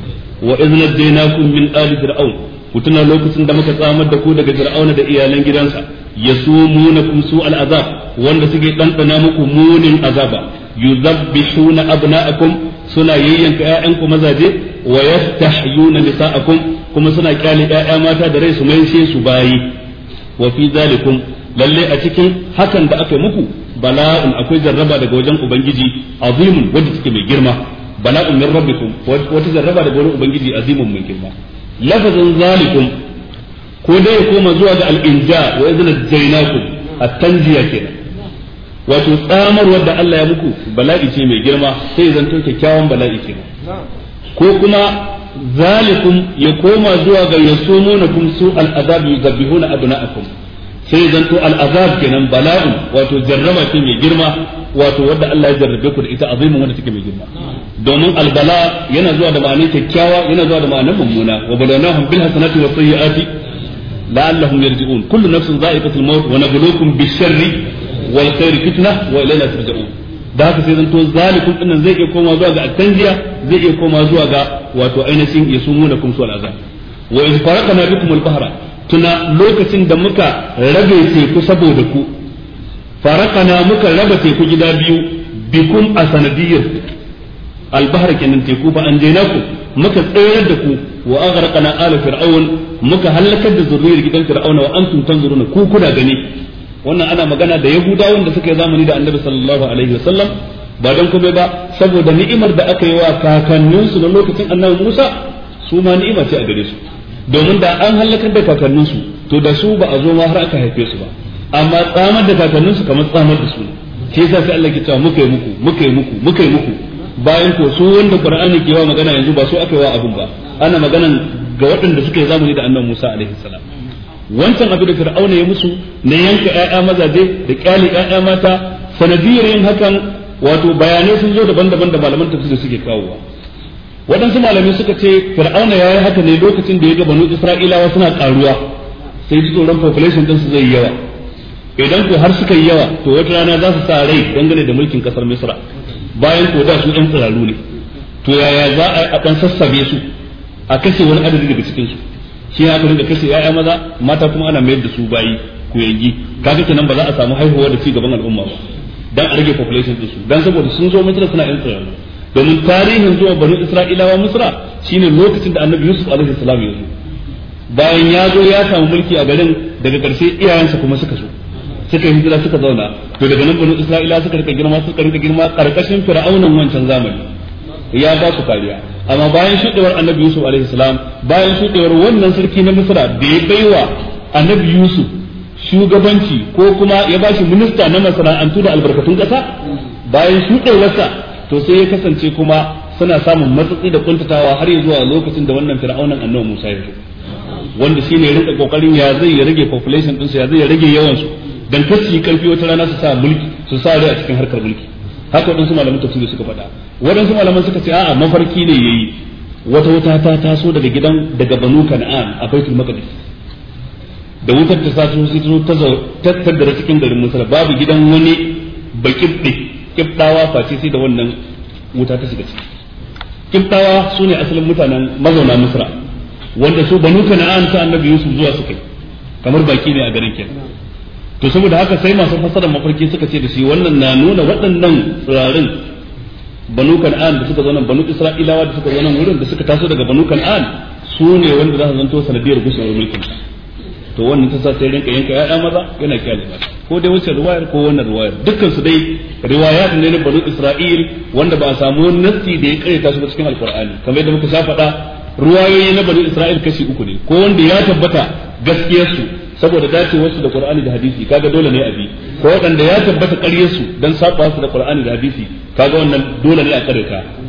wa iznad dainakum min ali fir'aun ku tuna lokacin da muka tsamar da ku daga fir'auna da iyalan gidansa yasumunakum su'al azab wanda suke ɗanɗana muku munin azaba yuzabbihuna abna'akum suna yayyanka ƴaƴanku mazaje wa yastahyuna nisa'akum kuma suna kyale ƴaƴa mata da rai su sai su bayi wa fi zalikum lalle a cikin hakan da aka muku bala'un akwai jarraba daga wajen ubangiji azimun wanda take mai girma bala'un min rabbikum wata jarraba daga wajen ubangiji azimun mai girma lafazin zalikum ko dai koma zuwa ga al-inja wa idna zainakum at-tanjiya kenan wato tsamar wadda Allah ya muku bala'i ce mai girma sai zanto kyakkyawan bala'i kenan ko kuma zalikum ya koma zuwa ga yasumunakum su al'azab yuzabbihuna abna'akum sai zanto al'azab kenan bala'un wato jarraba ce mai girma wato wadda Allah ya jarrabe ku da ita azimin wanda take mai girma domin albala yana zuwa da ma'anar kyakkyawa yana zuwa da ma'anar mummuna wa balanahum bil hasanati was sayyiati la'allahum yarji'un kullu nafsin za'iqatul maut wa nabluukum bish-sharri wal khairi fitnah wa ilayna turja'un da haka sai zanto zalikum dinnan zai iya koma zuwa ga at zai iya koma zuwa ga wato ainihin yasumunakum su'al azab wa iz faraqna bikum al-bahra tuna lokacin da muka rage teku saboda ku farakana muka raba teku gida biyu bikum a sanadiyyar albahar kenan teku ba an jaina ku muka tsayar da ku wa aghraqna ala fir'aun muka halakar da zurriyar gidan fir'auna wa antum tanzuruna ku kuna gani wannan ana magana da yahudawan da suka yi zamani da annabi sallallahu alaihi wasallam ba dan kuma ba saboda ni'imar da aka yi wa kakanninsu na lokacin annabi Musa su ma ni'ima ce a gare su domin da an halakar da kakanninsu to da su ba a zo ma har aka haife su ba amma tsamar da kakanninsu kamar tsamar da su ke sa sai Allah ke cewa muka yi muku muka yi muku muka yi muku bayan ko su wanda Qur'ani ke wa magana yanzu ba su aka yi wa abun ba ana maganan ga waɗanda suka yi zamani da annabi Musa alaihi salam wancan abu da fir'auna ya musu na yanka ƴaƴa mazaje da ƙyale ƴaƴa mata sanadiyar yin hakan wato bayanai sun zo daban-daban da malaman tafsir suke kawowa waɗansu malamai suka ce fir'auna ya yi haka ne lokacin da ya ga banu isra'ilawa suna karuwa sai ji tsoron population din su zai yi yawa idan ko har suka yi yawa to wata rana za su sa rai dangane da mulkin kasar misra bayan ko da su ɗan tsiraru ne to yaya za a ɗan sassabe su a kashe wani adadi daga cikin su shi ya da kashe ya'ya maza mata kuma ana mayar da su bayi ku yangi kaga kenan ba za a samu haihuwa da ci gaban al'umma ba dan a rage population din su dan saboda sun zo mutuna suna yan tsaro domin tarihin zuwa bani isra'ilawa misra shine lokacin da annabi yusuf alaihi salam ya zo bayan ya zo ya samu mulki a garin daga karshe iyayensa kuma suka zo suka hijira suka zauna to daga nan bani isra'ila suka rika girma suka rika girma karkashin fir'aunan wancan zamani ya ba su kariya amma bayan shuɗewar annabi yusuf alaihi bayan shuɗewar wannan sarki na misra da ya baiwa annabi yusuf shugabanci ko kuma ya ba shi minista na masana'antu da albarkatun ƙasa bayan shuɗewarsa to sai ya kasance kuma suna samun matsatsi da kuntatawa har ya zuwa lokacin da wannan fir'aunan annabi musa ya wanda shi ya rinka kokarin ya zai ya rage population ɗinsu ya zai ya rage yawansu dan kasu yi karfi wata rana su sa mulki su sa rai a cikin harkar mulki haka waɗansu malaman tafsiri suka faɗa waɗansu malaman suka ce a'a mafarki ne yayi wata wuta ta taso daga gidan daga banu kan'an a baitul maqdis da wutar ta taso sai ta zo ta tattara cikin garin musala babu gidan wani bakin ɗi kiftawa face sai da wannan wuta ta shiga ciki kiftawa su ne asalin mutanen mazauna misra wanda su banu kan'an ta annabi yusuf zuwa suka kamar baki ne a garin kenan to saboda haka sai masu fasarar mafarki suka ce da shi wannan na nuna waɗannan tsirarin banu kan'an da suka zo nan banu isra'ilawa da suka zo nan wurin da suka taso daga banu kan'an su ne wanda za su zanto sanadiyar gushewar mulkin to wannan ta sa sai rinka yanka ya'ya maza yana kyale ba ko dai wacce ruwayar ko wannan ruwayar dukkan su dai riwayat ne na banu isra'il wanda ba a samu nassi da ya kare su ba cikin alqur'ani kamar yadda muka sha faɗa ruwayoyi na banu isra'il kashi uku ne ko wanda ya tabbata gaskiyar su saboda wasu da qur'ani da hadisi kaga dole ne a bi ko waɗanda ya tabbata su dan saba su da qur'ani da hadisi kaga wannan dole ne a ta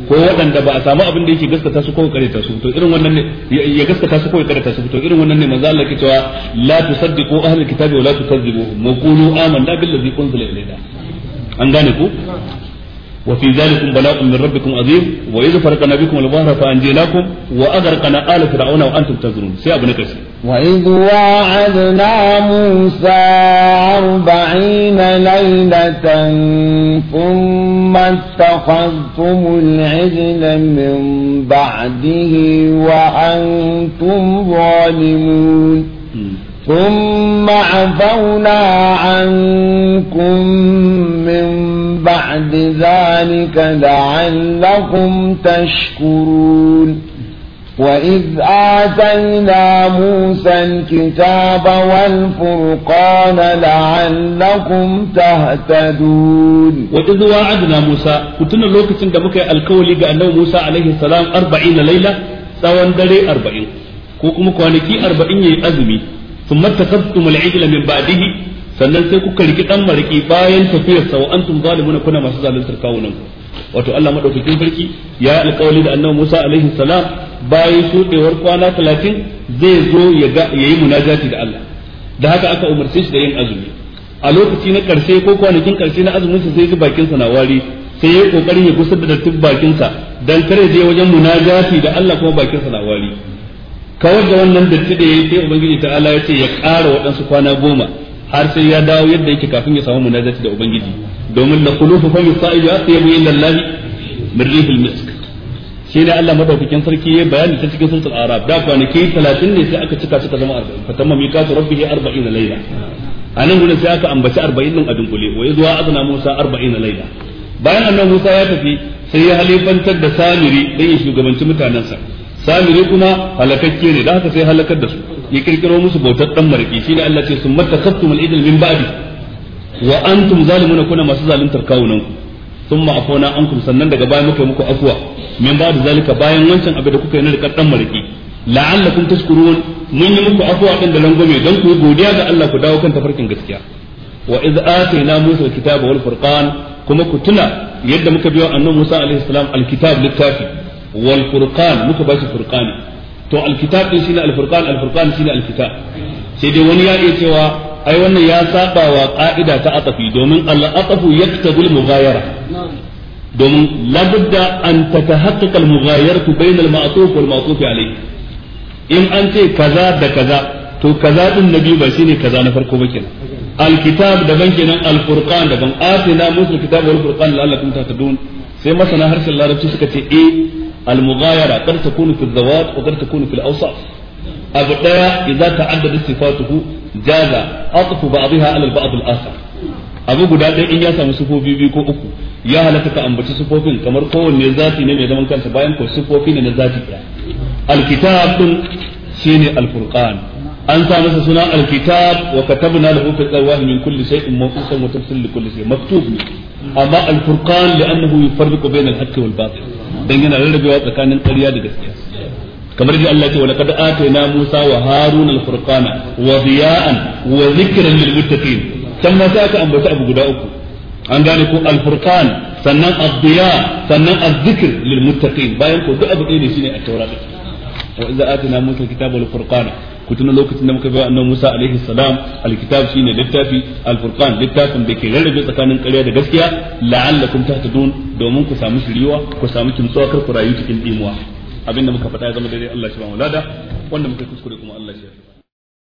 ko waɗanda ba a samu abin da yake gaskata su ko ƙaryata su to irin wannan ne ya gaskata su ko ta su to irin wannan ne manzo Allah ke cewa la tusaddiqu ahlul kitabi wa la tukazzibu maqulu amanna billazi unzila ilayna an gane ku وفي ذلك بلاء من ربكم عظيم وإذ فرقنا بكم البحر فأنجيناكم وأغرقنا آل فرعون وأنتم تنظرون سي أبن كسي وإذ واعدنا موسى أربعين ليلة ثم اتخذتم العجل من بعده وأنتم ظالمون ثم عفونا عنكم من بعد ذلك لعلكم تشكرون وإذ آتينا موسى الكتاب والفرقان لعلكم تهتدون وإذ وعدنا موسى كنتنا لوكة دمك الكولي بأنه موسى عليه السلام أربعين ليلة سوان دري أربعين كوكم كوانكي أربعين يأزمي ثم اتخذتم العجل من بعده sannan sai kuka riki dan mariki bayan tafiyar sa wa antum zalimuna kuna masu zaluntar kawunan wato Allah madaukakin sarki ya alƙawari da Annabi Musa alaihi salam bayan shudewar kwana 30 zai zo ya ga yayi munajati da Allah da haka aka umarce shi da yin azumi a lokaci na karshe ko kwanakin karshe na azumin sa sai ji bakin sa na wari sai ya kokarin ya gusar da dattin bakin sa dan kare je wajen munajati da Allah kuma bakin sa na wari kawar da wannan datti da yayi sai ubangiji ta'ala ya ce ya ƙara waɗansu kwana goma har sai ya dawo yadda yake kafin ya samu munajati da ubangiji domin la qulufu fa yusaidu yasabu illa Allah min rihil misk shi ne Allah madaukakin sarki ya bayani ta cikin suratul arab da kwanaki 30 ne sai aka cika suka zama 40 fatamma miqatu rabbih 40 layla anan gurin sai aka ambaci 40 din a dunkule wa yazwa azna musa 40 layla bayan annabi musa ya tafi sai ya halifantar da samiri dan ya shugabanci mutanansa samiri kuma halakakke ne da haka sai halakar da su ya kirkiro musu bautar dan shi ne Allah ce summa mata al-idl min ba'di wa antum zalimuna kuna masu zaluntar kawunan ku thumma afawna ankum sannan daga baya muka muku afwa min ba'di zalika bayan wancan abu da kuka yi na da dan marki la'allakum tashkurun mun yi muku afuwa din da langome don ku godiya ga Allah ku dawo kan tafarkin gaskiya wa iz atayna musa al wal furqan kuma ku tuna yadda muka biyo annabi Musa alaihi salam al-kitab littafi wal furqan muka bashi furqani to alkitab din shine alfurqan alfurqan shine alkitab sai dai wani ya iya cewa ai wannan ya saba wa ka'ida ta atafi domin al-atafu yaktabul mughayara domin labudda an tatahaqqaqa al-mughayaratu bayna al-ma'tuf wal-ma'tuf alayh in an ce kaza da kaza to kaza din na biyu ba shine kaza na farko ba kenan alkitab daban kenan alfurqan daban atina musul kitab wal furqan la'allakum tahtadun sai masana harshen larabci suka ce eh المغايرة قد تكون في الذوات وقد تكون في الأوصاف أبو دايا إذا تعددت صفاته جاز أطف بعضها على البعض الآخر abu guda ɗaya in ya samu sufofi biyu ko uku ya halatta ka ambaci sufofin kamar kowanne zati ne mai zaman kansa bayan ko sufofi ne na zati ɗaya alkitab din shine alfurqan an sa masa suna alkitab wa katabna lahu fi alwahi min kulli shay'in mawqisan wa tafsil li kulli shay'in maktub ne amma alfurqan li'annahu yufarriqu bayna al-haqqi wal batil dan yana rarrabewa tsakanin ƙarya da gaskiya kamar da Allah ce wa laqad atayna Musa wa Harun al-furqana wa diya'an wa zikran lil muttaqin can ma sai aka ambata abu guda uku an gane ko al-furqan sannan ad-diya sannan az-zikr lil muttaqin bayan ko duk abu ɗaya ne shine a tawrat wa idza atina musa kitaba wal furqana ku tuna lokacin da muka ga annabi Musa alaihi salam alkitab shine littafi alfurqan littafin da ke rarrabe tsakanin ƙarya da gaskiya la'allakum tahtadun domin ku samu shiriwa ku samu kimtsuwa kar ku rayu cikin dimuwa abinda muka faɗa ya zama daidai Allah shi ba mu wanda muka kuskure kuma Allah shi